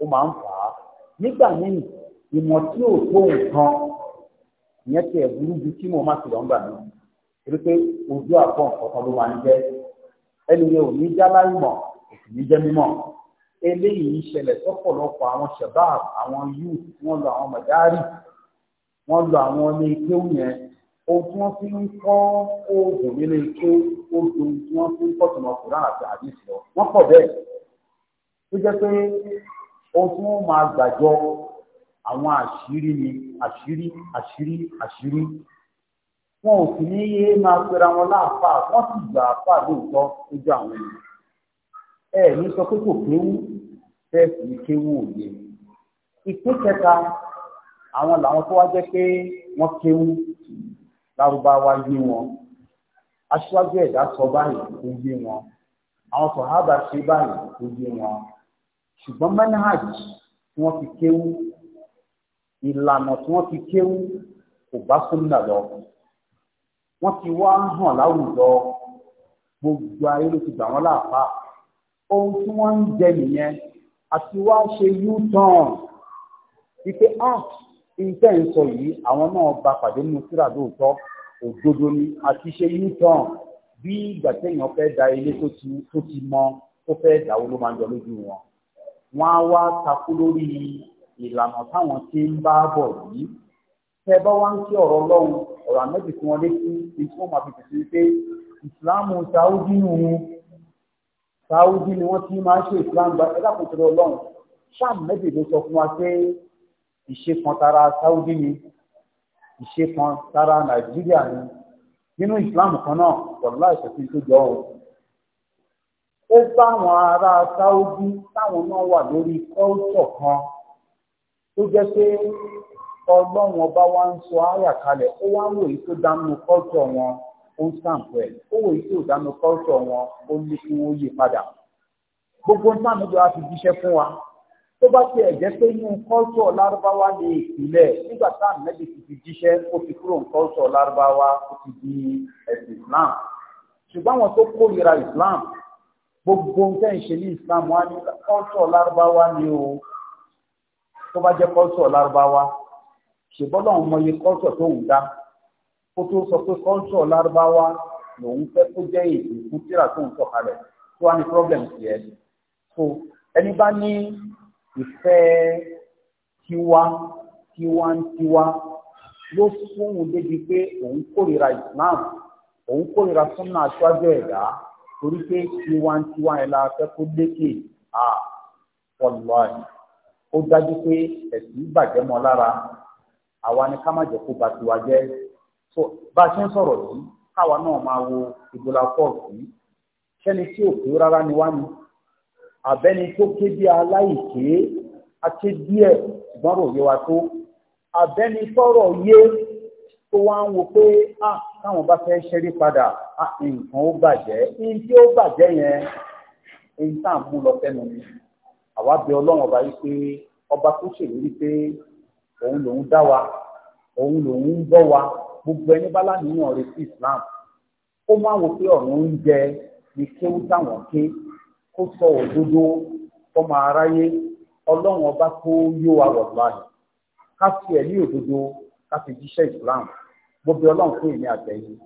ó máa ń fà á nígbà míì ìmọ̀ tí ò tó nǹkan ìyẹn tiẹ̀ burú ju kí mo má ti lọ́ngbà mi torí pé ojú àpọ̀ nǹkan ló máa ń jẹ́ ẹni yẹn ò ní já láì mọ̀ kò sì ní jẹ́ mímọ̀ eléyìí ṣẹlẹ̀ sọ́pọ̀lọpọ̀ àwọn shabab àwọn youth wọ́n lọ àwọn mọ̀dárì wọ́n lọ àwọn ilé kéwù yẹn ohun tí wọ́n fi ń kọ́ oògùn nínú ike oògùn tí wọ́n fi ń kọ́ tọmọ kùrán àti àdìsí lọ wọ́n pọ̀ bẹ́ẹ̀ tó jẹ́ pé ohun tí wọ́n máa gbàjọ àwọn àṣírí ni àṣírí àṣírí àṣírí wọn ò sì ní yé máa pera wọn láàfáà wọn sì gbà àfáà lóòótọ́ lójú àwọn ènìyàn ẹ sọ pé kò kéwú bẹ́ẹ̀ sì ni òye ìpín kẹta àwọn làwọn tó wá pé wọn aṣíwájú ẹ̀dá sọ báyìí kò yé wọn àwọn ṣe báyìí yé wọn tí fi ìlànà tí wọ́n ti kéwú kò bá súnmọ́ lọ wọ́n ti wá ń hàn láwùjọ gbogbo ayé ló ti gbà wọ́n láàpá ohun tí wọ́n ń jẹ nìyẹn àti wá ṣe u-turn wípé ah iṣẹ́ ń sọ yìí àwọn náà bá pàdé nínú síra lóòótọ́ òdodo ni àti ṣe u-turn bí ìgbà téèyàn fẹ́ da ilé tó ti tó ti mọ tó fẹ́ dáwó ló máa ń jọ lójú wọn wọn á wá takú lórí ìlànà táwọn ti ń bá bọ̀ yìí tẹ bá wá ń kí ọ̀rọ̀ ọlọ́run ọ̀rọ̀ àmẹ́bí tí wọ́n lé sí ní tí wọ́n máa fi tẹ̀sí pé ìsìláàmù sáúdí nù sáúdí ni wọ́n ti máa ń ṣe ìsìláàmù gba ẹ̀dá kò tẹ̀lé ọlọ́run sáà mẹ́bí ló sọ fún wa pé ìṣe kan tara sáúdí ni ìṣe kan tara nàìjíríà ni nínú ìsìláàmù kan náà pọ̀lá ìṣẹ̀fín tó jọ ọ́ ó bá àwọn ará sáúdí táwọn náà wà lórí kọ́ọ̀tọ̀ kan tó jẹ́ pé ọlọ́run ọba wa ń sọ àyà kalẹ̀ ó wá ń wòye tó dánú kọ́tọ̀ wọn ó ń sàǹkó ẹ̀ ó wòye tó dánú kọ́tọ̀ wọn ó ní kí wọ́n yí padà gbogbo nǹkan àmì ìjọba fi jíṣẹ́ fún wa tó bá ti ẹ̀jẹ̀ pé inú kọ́tọ̀ lárúbáwá ní ìpìlẹ̀ nígbà tá à nẹ́bí ti fi jíṣẹ́ ó fi kúrò ní kọ́tọ̀ lárúbáwá ó ti di ẹ̀sìn Islam ṣùgbọ́n àwọn tó kórìíra Islam gbogbo nǹkan ìṣe Islam wá ní kọ́tọ̀ lárúbáwá ni o tó bá jẹ́ kọ́ńsọ̀ lárúbáwá ṣùgbọ́n náà mọye kọ́ńsọ̀ tó ń dá kó tó sọ pé kọ́ńsọ̀ lárúbáwá lòun fẹ́ kó jẹ́ èdè fún tíra tó ń sọ̀kalẹ̀ tó wá ní problem sí ẹ so ẹni bá ní ìfẹ́ tiwa tiwa ń tiwa ló fóun débi pé òun kórìíra Islam òun kórìíra súnmọ́ aṣáájú ẹ̀dá torí pé tiwa ń tiwa ẹ̀ la fẹ́ kó lékè à wọ́n lọ́ọ̀ ó dájú pé ẹ̀sìn bàjẹ́ mọ́ lára àwa ni ká má jẹ́ kó ba tiwa jẹ́ so bá a ṣe ń sọ̀rọ̀ yìí káwa náà máa wo ìgbòlá fọ́ọ̀sì yìí sẹ́ni tí ò pé rárá ni wá ni àbẹ́ni tó ké bí aláìké aké díẹ̀ ṣùgbọ́n rò yé wa tó àbẹ́ni tọ́rọ̀ yé tó wá ń wo pé à káwọn bá fẹ́ ṣẹ́rí padà à nǹkan ó bàjẹ́ ní tí ó bàjẹ́ yẹn ní tá à ń mú lọ fẹ́nu ni àwa bẹ ọlọ́run ọba yìí pé ọba tó ṣèlérí pé òun lòun dá wa òun lòun ń bọ́ wa gbogbo ẹni bá láníyàn rẹ̀ sí Islam ó máa wò pé ọ̀run ń jẹ ní kéwú táwọn ké kó sọ òdodo fọmọ aráyé ọlọ́run ọba tó yó wa wọ̀ láàyè ká fi ẹ̀mí òdodo ká fi jíṣẹ́ Islam gbogbo ọlọ́run fún èmi àtẹ̀yìn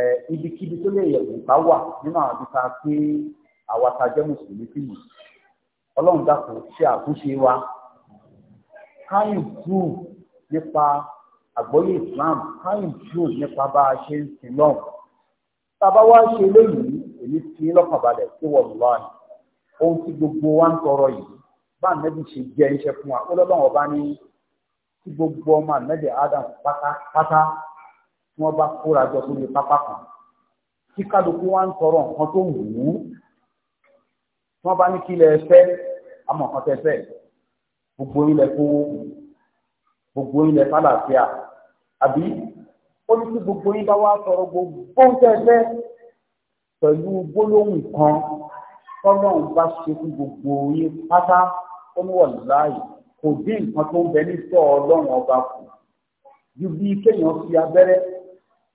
ẹ ibikíbi tó lè yẹ̀ wò ká wà nínú àwọn àbíká pé àwa ta jẹ́ mùsùlùmí fìyì ọlọ́run dàpọ̀ ṣe àtúnṣe wa káyìn jù nípa àgbọ́yé Islam káyìn jù nípa bá a ṣe ń sin náà tàbá wá ṣe léyìí èmi fi lọ́kàn balẹ̀ sí wọ̀lúwàá ohun tí gbogbo wa ń tọrọ yìí bá nẹ́bí ṣe jẹ́ iṣẹ́ fún wa ọlọ́run ọba ní tí gbogbo ọmọ ànẹ́bí Adam pátápátá tí wọ́n bá kóra jọ sórí pápá kan tí kálukú wa ń tọrọ nǹkan tó wù ú wọ́n bá ní kí lẹ fẹ́ amọ̀kan tẹ fẹ́ gbogbo yín lẹ kówó gbogbo yín lẹ fàlàfíà àbí ó ní kí gbogbo yín bá wá sọ̀rọ̀ gbogbo ń tẹ fẹ́ pẹ̀lú gbólóhùn kan tọ́lọ́hùn bá ṣe fún gbogbo yín pátá ó ní wọ̀n láàyè kò dín nǹkan tó ń bẹ ní sọ ọlọ́run ọba kù ju bí kéèyàn fi abẹ́rẹ́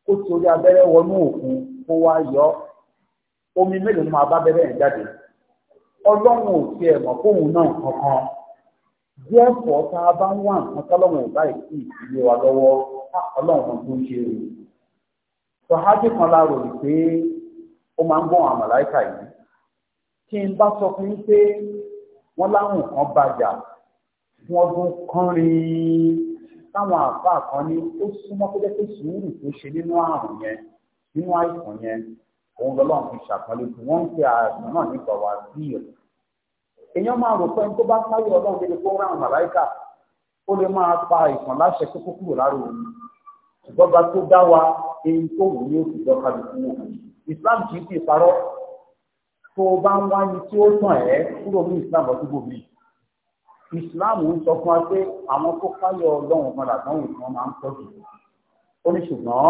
kó torí abẹ́rẹ́ wọnú òkun kó wá yọ omi mélòó ni máa bá abẹ́rẹ́ yẹn jáde. ọlọ́run ò tiẹ̀ mọ̀ fóun náà kankan díẹ̀ pọ̀ tá a bá ń wà nǹkan tọ́lọ́run ò báyìí sí ìdílé wa lọ́wọ́ ọlọ́run kan tó ń ṣe rè sọ̀hájú kan láàrò rè pé ó máa ń gbọ́ àwọn màláìkà yìí kí n bá sọ fún yín pé wọ́n láwọn kan bàjà fún ọdún kọrin táwọn àáfàá kan ní ó súnmọ́ pé sùúrù tó ṣe nínú àrùn yẹn nínú àìsàn yẹn òun lọ́lọ́ fi ṣàpọ́nlé fún wọ́n ń pe ààrùn náà ní bàwá sí ẹ̀. èèyàn máa rò pé ẹni tó bá sáyé ọlọ́run débi tó ráhùn màláìkà ó lè máa pa ìtàn láṣẹ kókó kúrò lára òun ṣùgbọ́n bá tó dá wa èyí tó wù ní oṣù jọ kálukú wò Islam kì í fi parọ́ tó o bá ń wáyé tí ó tàn ẹ́ kúrò ní Islam ọdún gbòmí Islam ń sọ fún wa pé àwọn tó fáyọ ọlọ́run padà dáhùn ìtàn máa ń pọ̀ jù ó ní ṣùgbọ́n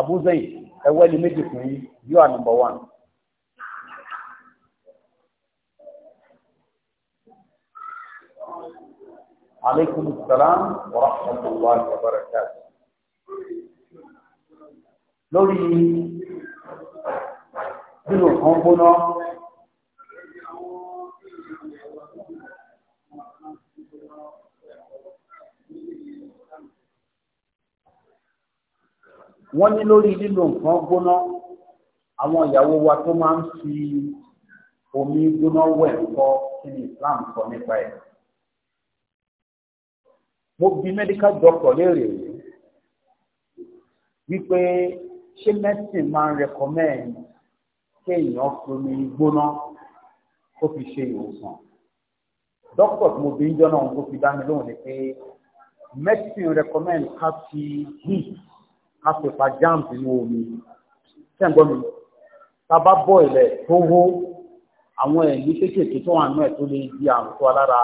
abúzẹ́yì ẹwọ́ ẹni méjì fún yí you are number one. aleykum salaam wa rahmatulahi wa barakatuh. lórí nínú kan gbóná. wọ́n ní lórí lílo nǹkan gbóná àwọn ìyàwó wa tó máa ń fi omi gbóná wẹ̀ kọ́ kí ni Islam sọ nípa ẹ̀. mo bi medical doctor léèrè wípé ṣé medicine máa ń recommend kéèyàn fi omi gbóná kó fi ṣe ìwòsàn doctor tí mo bí ń jọ náà kó fi dá mi lóhùn ni pé medicine recommend ká fi heat a sì pa jam sínú omi ṣẹ́ǹgbọ́n mi tá a bá bọ́ ilẹ̀ tó hó àwọn ẹ̀mí kéékèèké tó wà nínú ẹ̀ tó lè di àrùn tó alára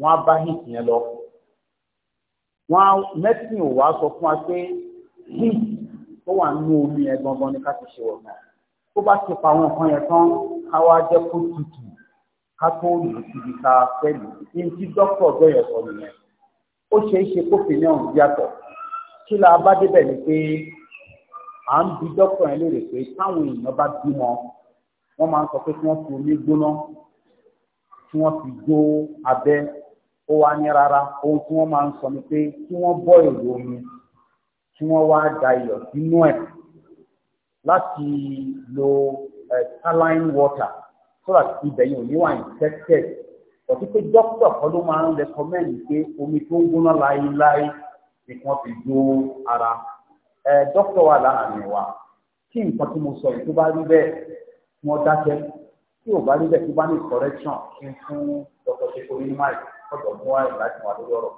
wọ́n á bá hìt yẹn lọ wọ́n á mẹ́sìn ò wá sọ fún wa pé hìt tó wà nínú omi yẹn gangan ni ká ti ṣe ọ̀nà tó bá ti pa àwọn nǹkan yẹn tán ká wá jẹ́ kó tutù ká tó lù síbi ká fẹ́ lù ní ti dókítà ọjọ́ sọ nìyẹn ó ṣeé ṣe kófin náà yàtọ̀ kí la bá débẹ̀ ni pé à ń bi dọ́kítọ̀ yẹn léèrè pé táwọn èèyàn bá bímọ wọ́n máa ń sọ pé kí wọ́n fi omi gbóná kí wọ́n fi jó abẹ́ ó wá ní rárá ohun tí wọ́n máa ń sọ ni pé kí wọ́n bọ́ èrò omi kí wọ́n wá da iyọ̀ sínú ẹ̀ láti lo eh, saline water so that ibẹ̀ yẹn ò ní wà infected ọ̀tí pé dókítà kan ló máa ń recommend pé omi tó ń gbóná láéláé ni kí wọ́n fi jó ara ẹ dókítà wà láàrin wa kí nǹkan tí mo sọ yìí tó bá rí bẹ́ẹ̀ kí wọ́n dákẹ́ tí ò bá rí bẹ́ẹ̀ tó bá ní correction kí n fún dr sekori mai dr muhai láti wà lórí ọ̀rọ̀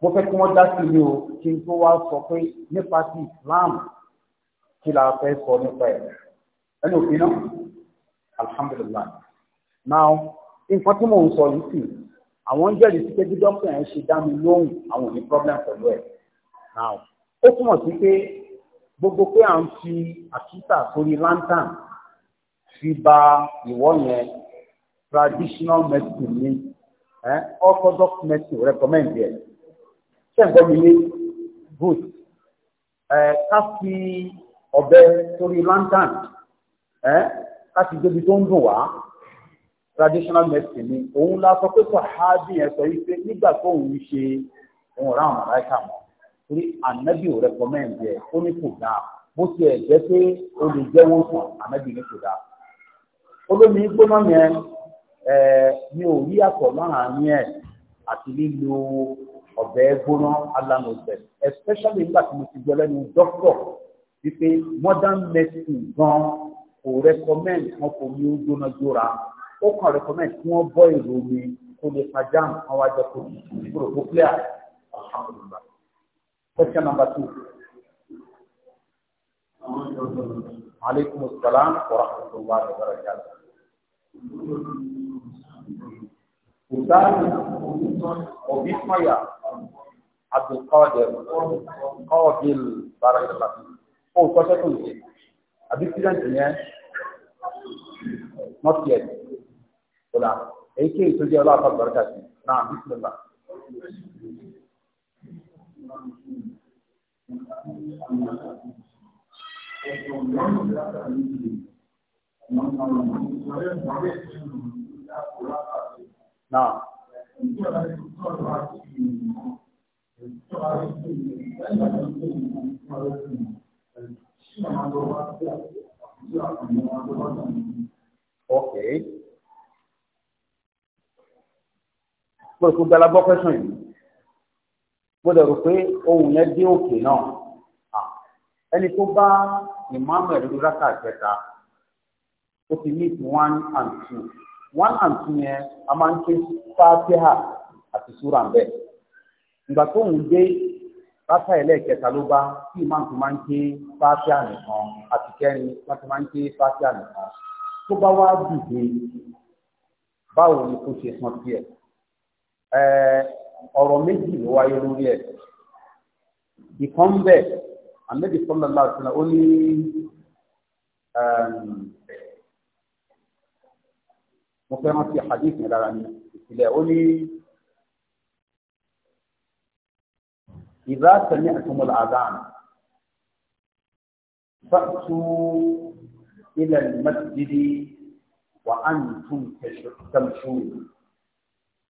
mo fẹ́ kí wọ́n dá sí ilé o kí n tó wá sọ pé nípa ti Islam kí la fẹ́ sọ nípa ẹ̀ ẹni òfin náà alhamdulilayi now nǹkan tí mò ń sọ yìí sì àwọn jẹ́rìí sí pé bí dókítà yẹn ṣe dá mi lóhùn àwọn ò ní problem pẹ̀lú ẹ̀ now ó túmọ̀ sí pé gbogbo pé à ń fi àkísà sórí lantern fi ba ìwọ yẹn traditional medicine ni orthodox medicine recommend yẹn ṣẹ́ǹgbọ́n mi ní good ká fi ọ̀bẹ sórí lantern ká fi débi tó ń dùn wá traditional medicine ni òun la sọ pé sọ̀hábì yẹn sọ wípé nígbà tó òun ṣe òun ra àwọn aláìka mọ́ torí ànábì ò recommend yẹ ó ní kò dáa bó tiẹ̀ jẹ́ pé o lè jẹ́wọ́ sùn ànábì ní kò dáa olómi gbóná yẹn ẹ̀ mi ò rí àtọ̀ láàárín ẹ̀ àti lílo ọ̀bẹ gbóná alánà especially nígbà tí mo ti gbọ́ lẹ́nu dókítọ̀ wípé modern medicine gan kò recommend wọn kò ní ó gbóná jóra ó kàn recommend kí wọ́n bọ́ èrò omi kó lè pa jam àwọn àjọkò ìgbòrò tó clear alhamdulilah question number two. aleykum salaam wa rahmatullahi wa barakatuh. Obi Maya Abdul Qadir Qadir Barakallah. Ó kọ́ṣẹ́ tó ń ṣe. Àbí sílẹ̀ ń tẹ̀yẹ́. Not yet ọlá èyíkéyìí tó jẹ́ ọlọ́pàá gbọ́dọ̀ sí náà bísímìlá. Okay. pé kó gbala bọ́ pẹ́sùn yìí mo ohun yẹn dé òkè náà ẹni tó bá ìmáàmù ẹ̀dúdú rákà kẹta ó one and two one and two yẹn a máa ń ké fátíhà àti súrà ń bẹ̀ ìgbà tó ń dé rákà ẹlẹ́ẹ̀kẹta ló bá tí ìmáàmù tó máa ń ké fátíhà nìkan ọ̀rọ̀ méjì ló wáyé lórí ẹ̀ ìkan bẹ́ẹ̀ àmẹ́bí sọ́lá láàrin ó ní mo fẹ́ rántí hadith yẹn lára ní ìpìlẹ̀ ó ní ìdá tẹ̀lé àtúmọ̀lá àdáhàn فأتوا إلى المسجد وأنتم تمشون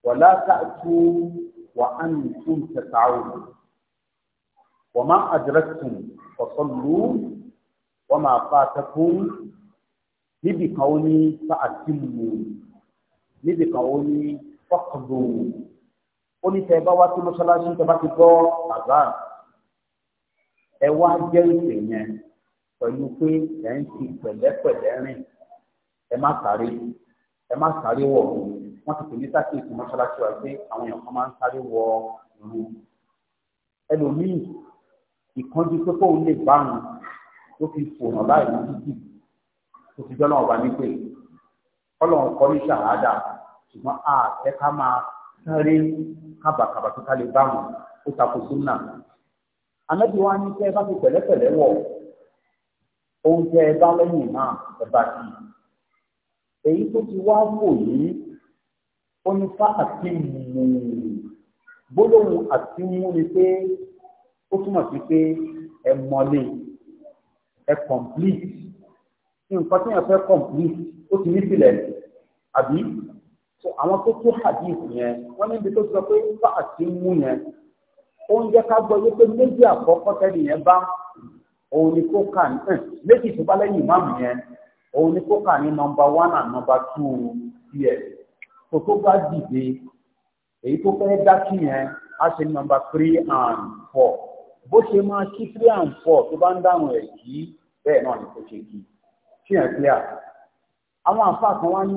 ولا تأتوا وأنتم تسعون وما أدركتم فصلوا وما فاتكم níbì kan ó ní fàtìmù níbì kan ó ní fọkànlù ó ní tẹ bá wá sí mọ́ṣáláṣí tẹ bá ti gbọ́ àgbà ẹ wá jẹ́ ìpè yẹn pẹ̀lú pé ẹ̀ ń fi pẹ̀lẹ́pẹ̀lẹ́ rìn ẹ má sáré ẹ má sáré wọ̀ ọ́. wọ́n ti pè ní sákèésì mọ́ṣáláṣí wa pé àwọn èèyàn kan máa ń sáré wọ ìlú ẹlòmíì ìkánjú pé kóun lè bá ló fi fòràn báyìí títì tó fi jọ́nà ọba nípè ọlọ́run kọ́ ní ṣàhádà ṣùgbọ́n àtẹ ká máa sáré kábàkàbà tó ká lè bá ó takò súnà anábì wa ní kẹ́ ẹ bá fi pẹ̀lẹ́pẹ̀lẹ́ wọ̀ ẹ bá lẹ́yìn náà ẹ ó ní fa àtìmù gbólóhùn àtìmù ni pé ó túmọ̀ sí pé ẹ mọ́lé ẹ complete nǹkan tí yẹn fẹ́ complete ó ti ní sílẹ̀ àbí so àwọn tó tó hadith yẹn wọ́n níbi tó sọ pé fa àtìmù yẹn ó ń jẹ́ ká gbọ́ yé pé méjì àkọ́kọ́ tẹ́lẹ̀ yẹn bá òun ni kó kà ní eh, méjì tó bá lẹ́yìn ìmáàmù yẹn òun ni kó kà ní nọ́mbà one and nọ́mbà two yẹn kò tó bá dìde èyí tó fẹ́ dákì yẹn á ṣe nọ́mbà three and four bó ṣe máa kí three and four tó bá ń dáhùn ẹ̀ kí bẹ́ẹ̀ náà ni kò ṣe kí kí yẹn clear àwọn àfáà kan wá ní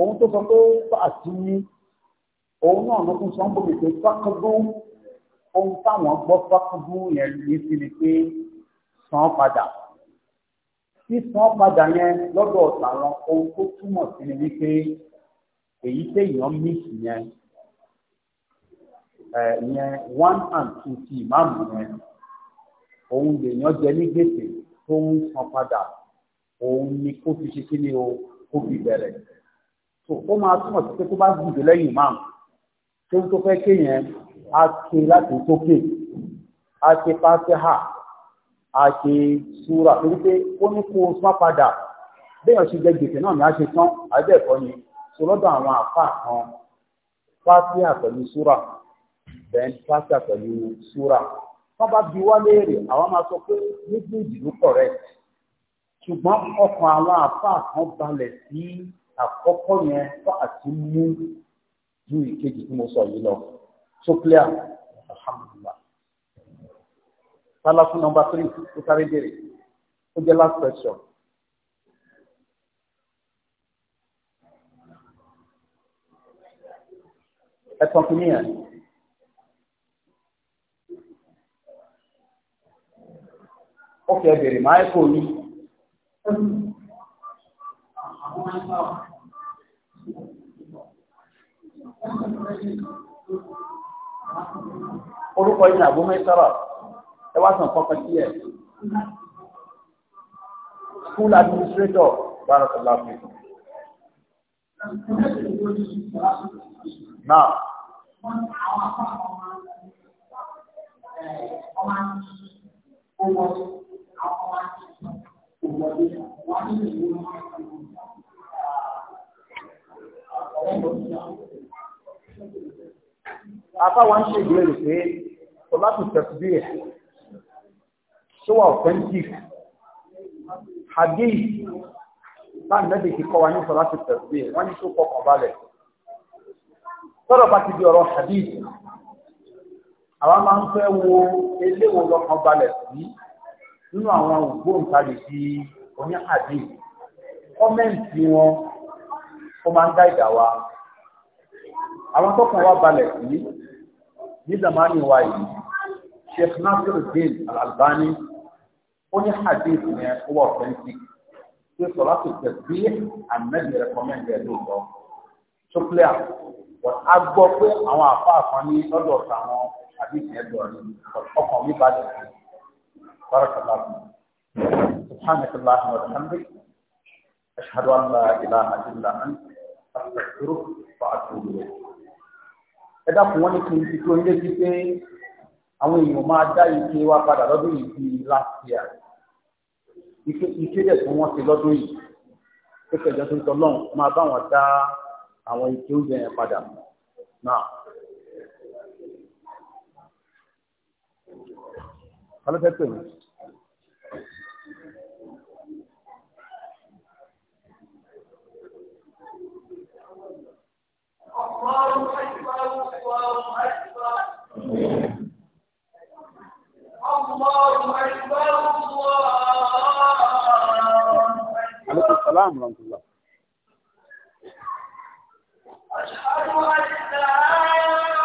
ohun ah, tó sọ pé àti òun náà ló tún sọ ń bòmí pé fákúndú ohun táwọn gbọ́ fákúndú yẹn ní sí ni pé san padà sísan padà yẹn lọ́dọ̀ ọ̀tàwọn ohun tó túmọ̀ sí ni wípé èyí téèyàn mix yẹn yẹn one and two ti ìmáàmù yẹn òun lèèyàn jẹ ní gbèsè tó ń san padà òun ni kó fi ṣe kí ni o kó fi bẹ̀rẹ̀ tó ó máa túmọ̀ sí pé tó bá dìde lẹ́yìn ìmáàmù tó tó fẹ́ kéèyàn á ké láti sókè á ké pàṣẹ́hà á ké súra torí pé ó ní kó o san padà béèyàn ṣe jẹ gbèsè náà ni á ṣe tán àbẹ́ẹ̀kọ́ ni sọlọ́dọ̀ àwọn àfa kan fásíà pẹ̀lú súrà bẹ́ẹ̀ fásíà pẹ̀lú súrà wọ́n bá bi wá léèrè àwọn máa sọ pé méjèèjì ló kọ̀rẹ́ ṣùgbọ́n ọkàn àwọn àfa kan balẹ̀ sí àkọ́kọ́ yẹn fún àti mú ju ìkejì tí mo sọ yìí lọ so clear alhamdulilah tala fún nọ́mbà three ó sáré béèrè ó jẹ́ last question. ẹ̀tọ́ kìíní yẹn. ó kẹ́ bèrè máa kò ní. orúkọ yìí nàbó mẹ́sàrà ẹ wá sàn kọ́kọ́ sí ẹ̀. school administrator bárakàlá fún mi náà. Àfáwọn ṣe ìgbèrè pé Sọlátù Tẹ̀síbíyà ṣó wà authentic. Hadith bá nẹ́bì kíkọ́ wa ní Sọlátù Tẹ̀síbíyà wọ́n ní ṣó kọkàn balẹ̀ tọ́rọ̀ bá ti di ọ̀rọ̀ hadith àwọn máa ń fẹ́ wo eléwo lọ́kàn balẹ̀ sí nínú àwọn ògbóǹtarì sí oní hadith kọ́mẹ́ǹtì wọn ó máa ń dá ìdá wa àwọn tọkàn wa balẹ̀ sí ní zamani wa yìí sheikh nasiruddin al-albani ó ní hadith yẹn ó wà authentic pé sọlá tó tẹ̀sí ànábì rẹ̀ kọ́mẹ́ǹtì ẹ̀ lóòótọ́ tó clear a gbọ́ pé àwọn àfáà kan ní lọ́dọ̀ àwọn àdìsí ẹgbẹ́ ọ̀rẹ́ ọkàn mi balẹ̀ barakallahu subhanak allahumma wa bihamdik ashhadu an la ilaha illa anta astaghfiruka wa atubu ilayk ẹ dákun wọn ní kí n ti tó ilé sí pé àwọn èèyàn máa dá ike wa padà lọ́dún yìí bíi last year ike ike dẹ̀ tí wọ́n ti lọ́dún yìí pé kẹjọ tó ń tọ́ lọ́hùn máa bá wọn dá àwọn ike oúnjẹ yẹn padà náà. ọlọ́fẹ́ pè mí. Aleykum salaam wa rahmatulah. أشهد أن لا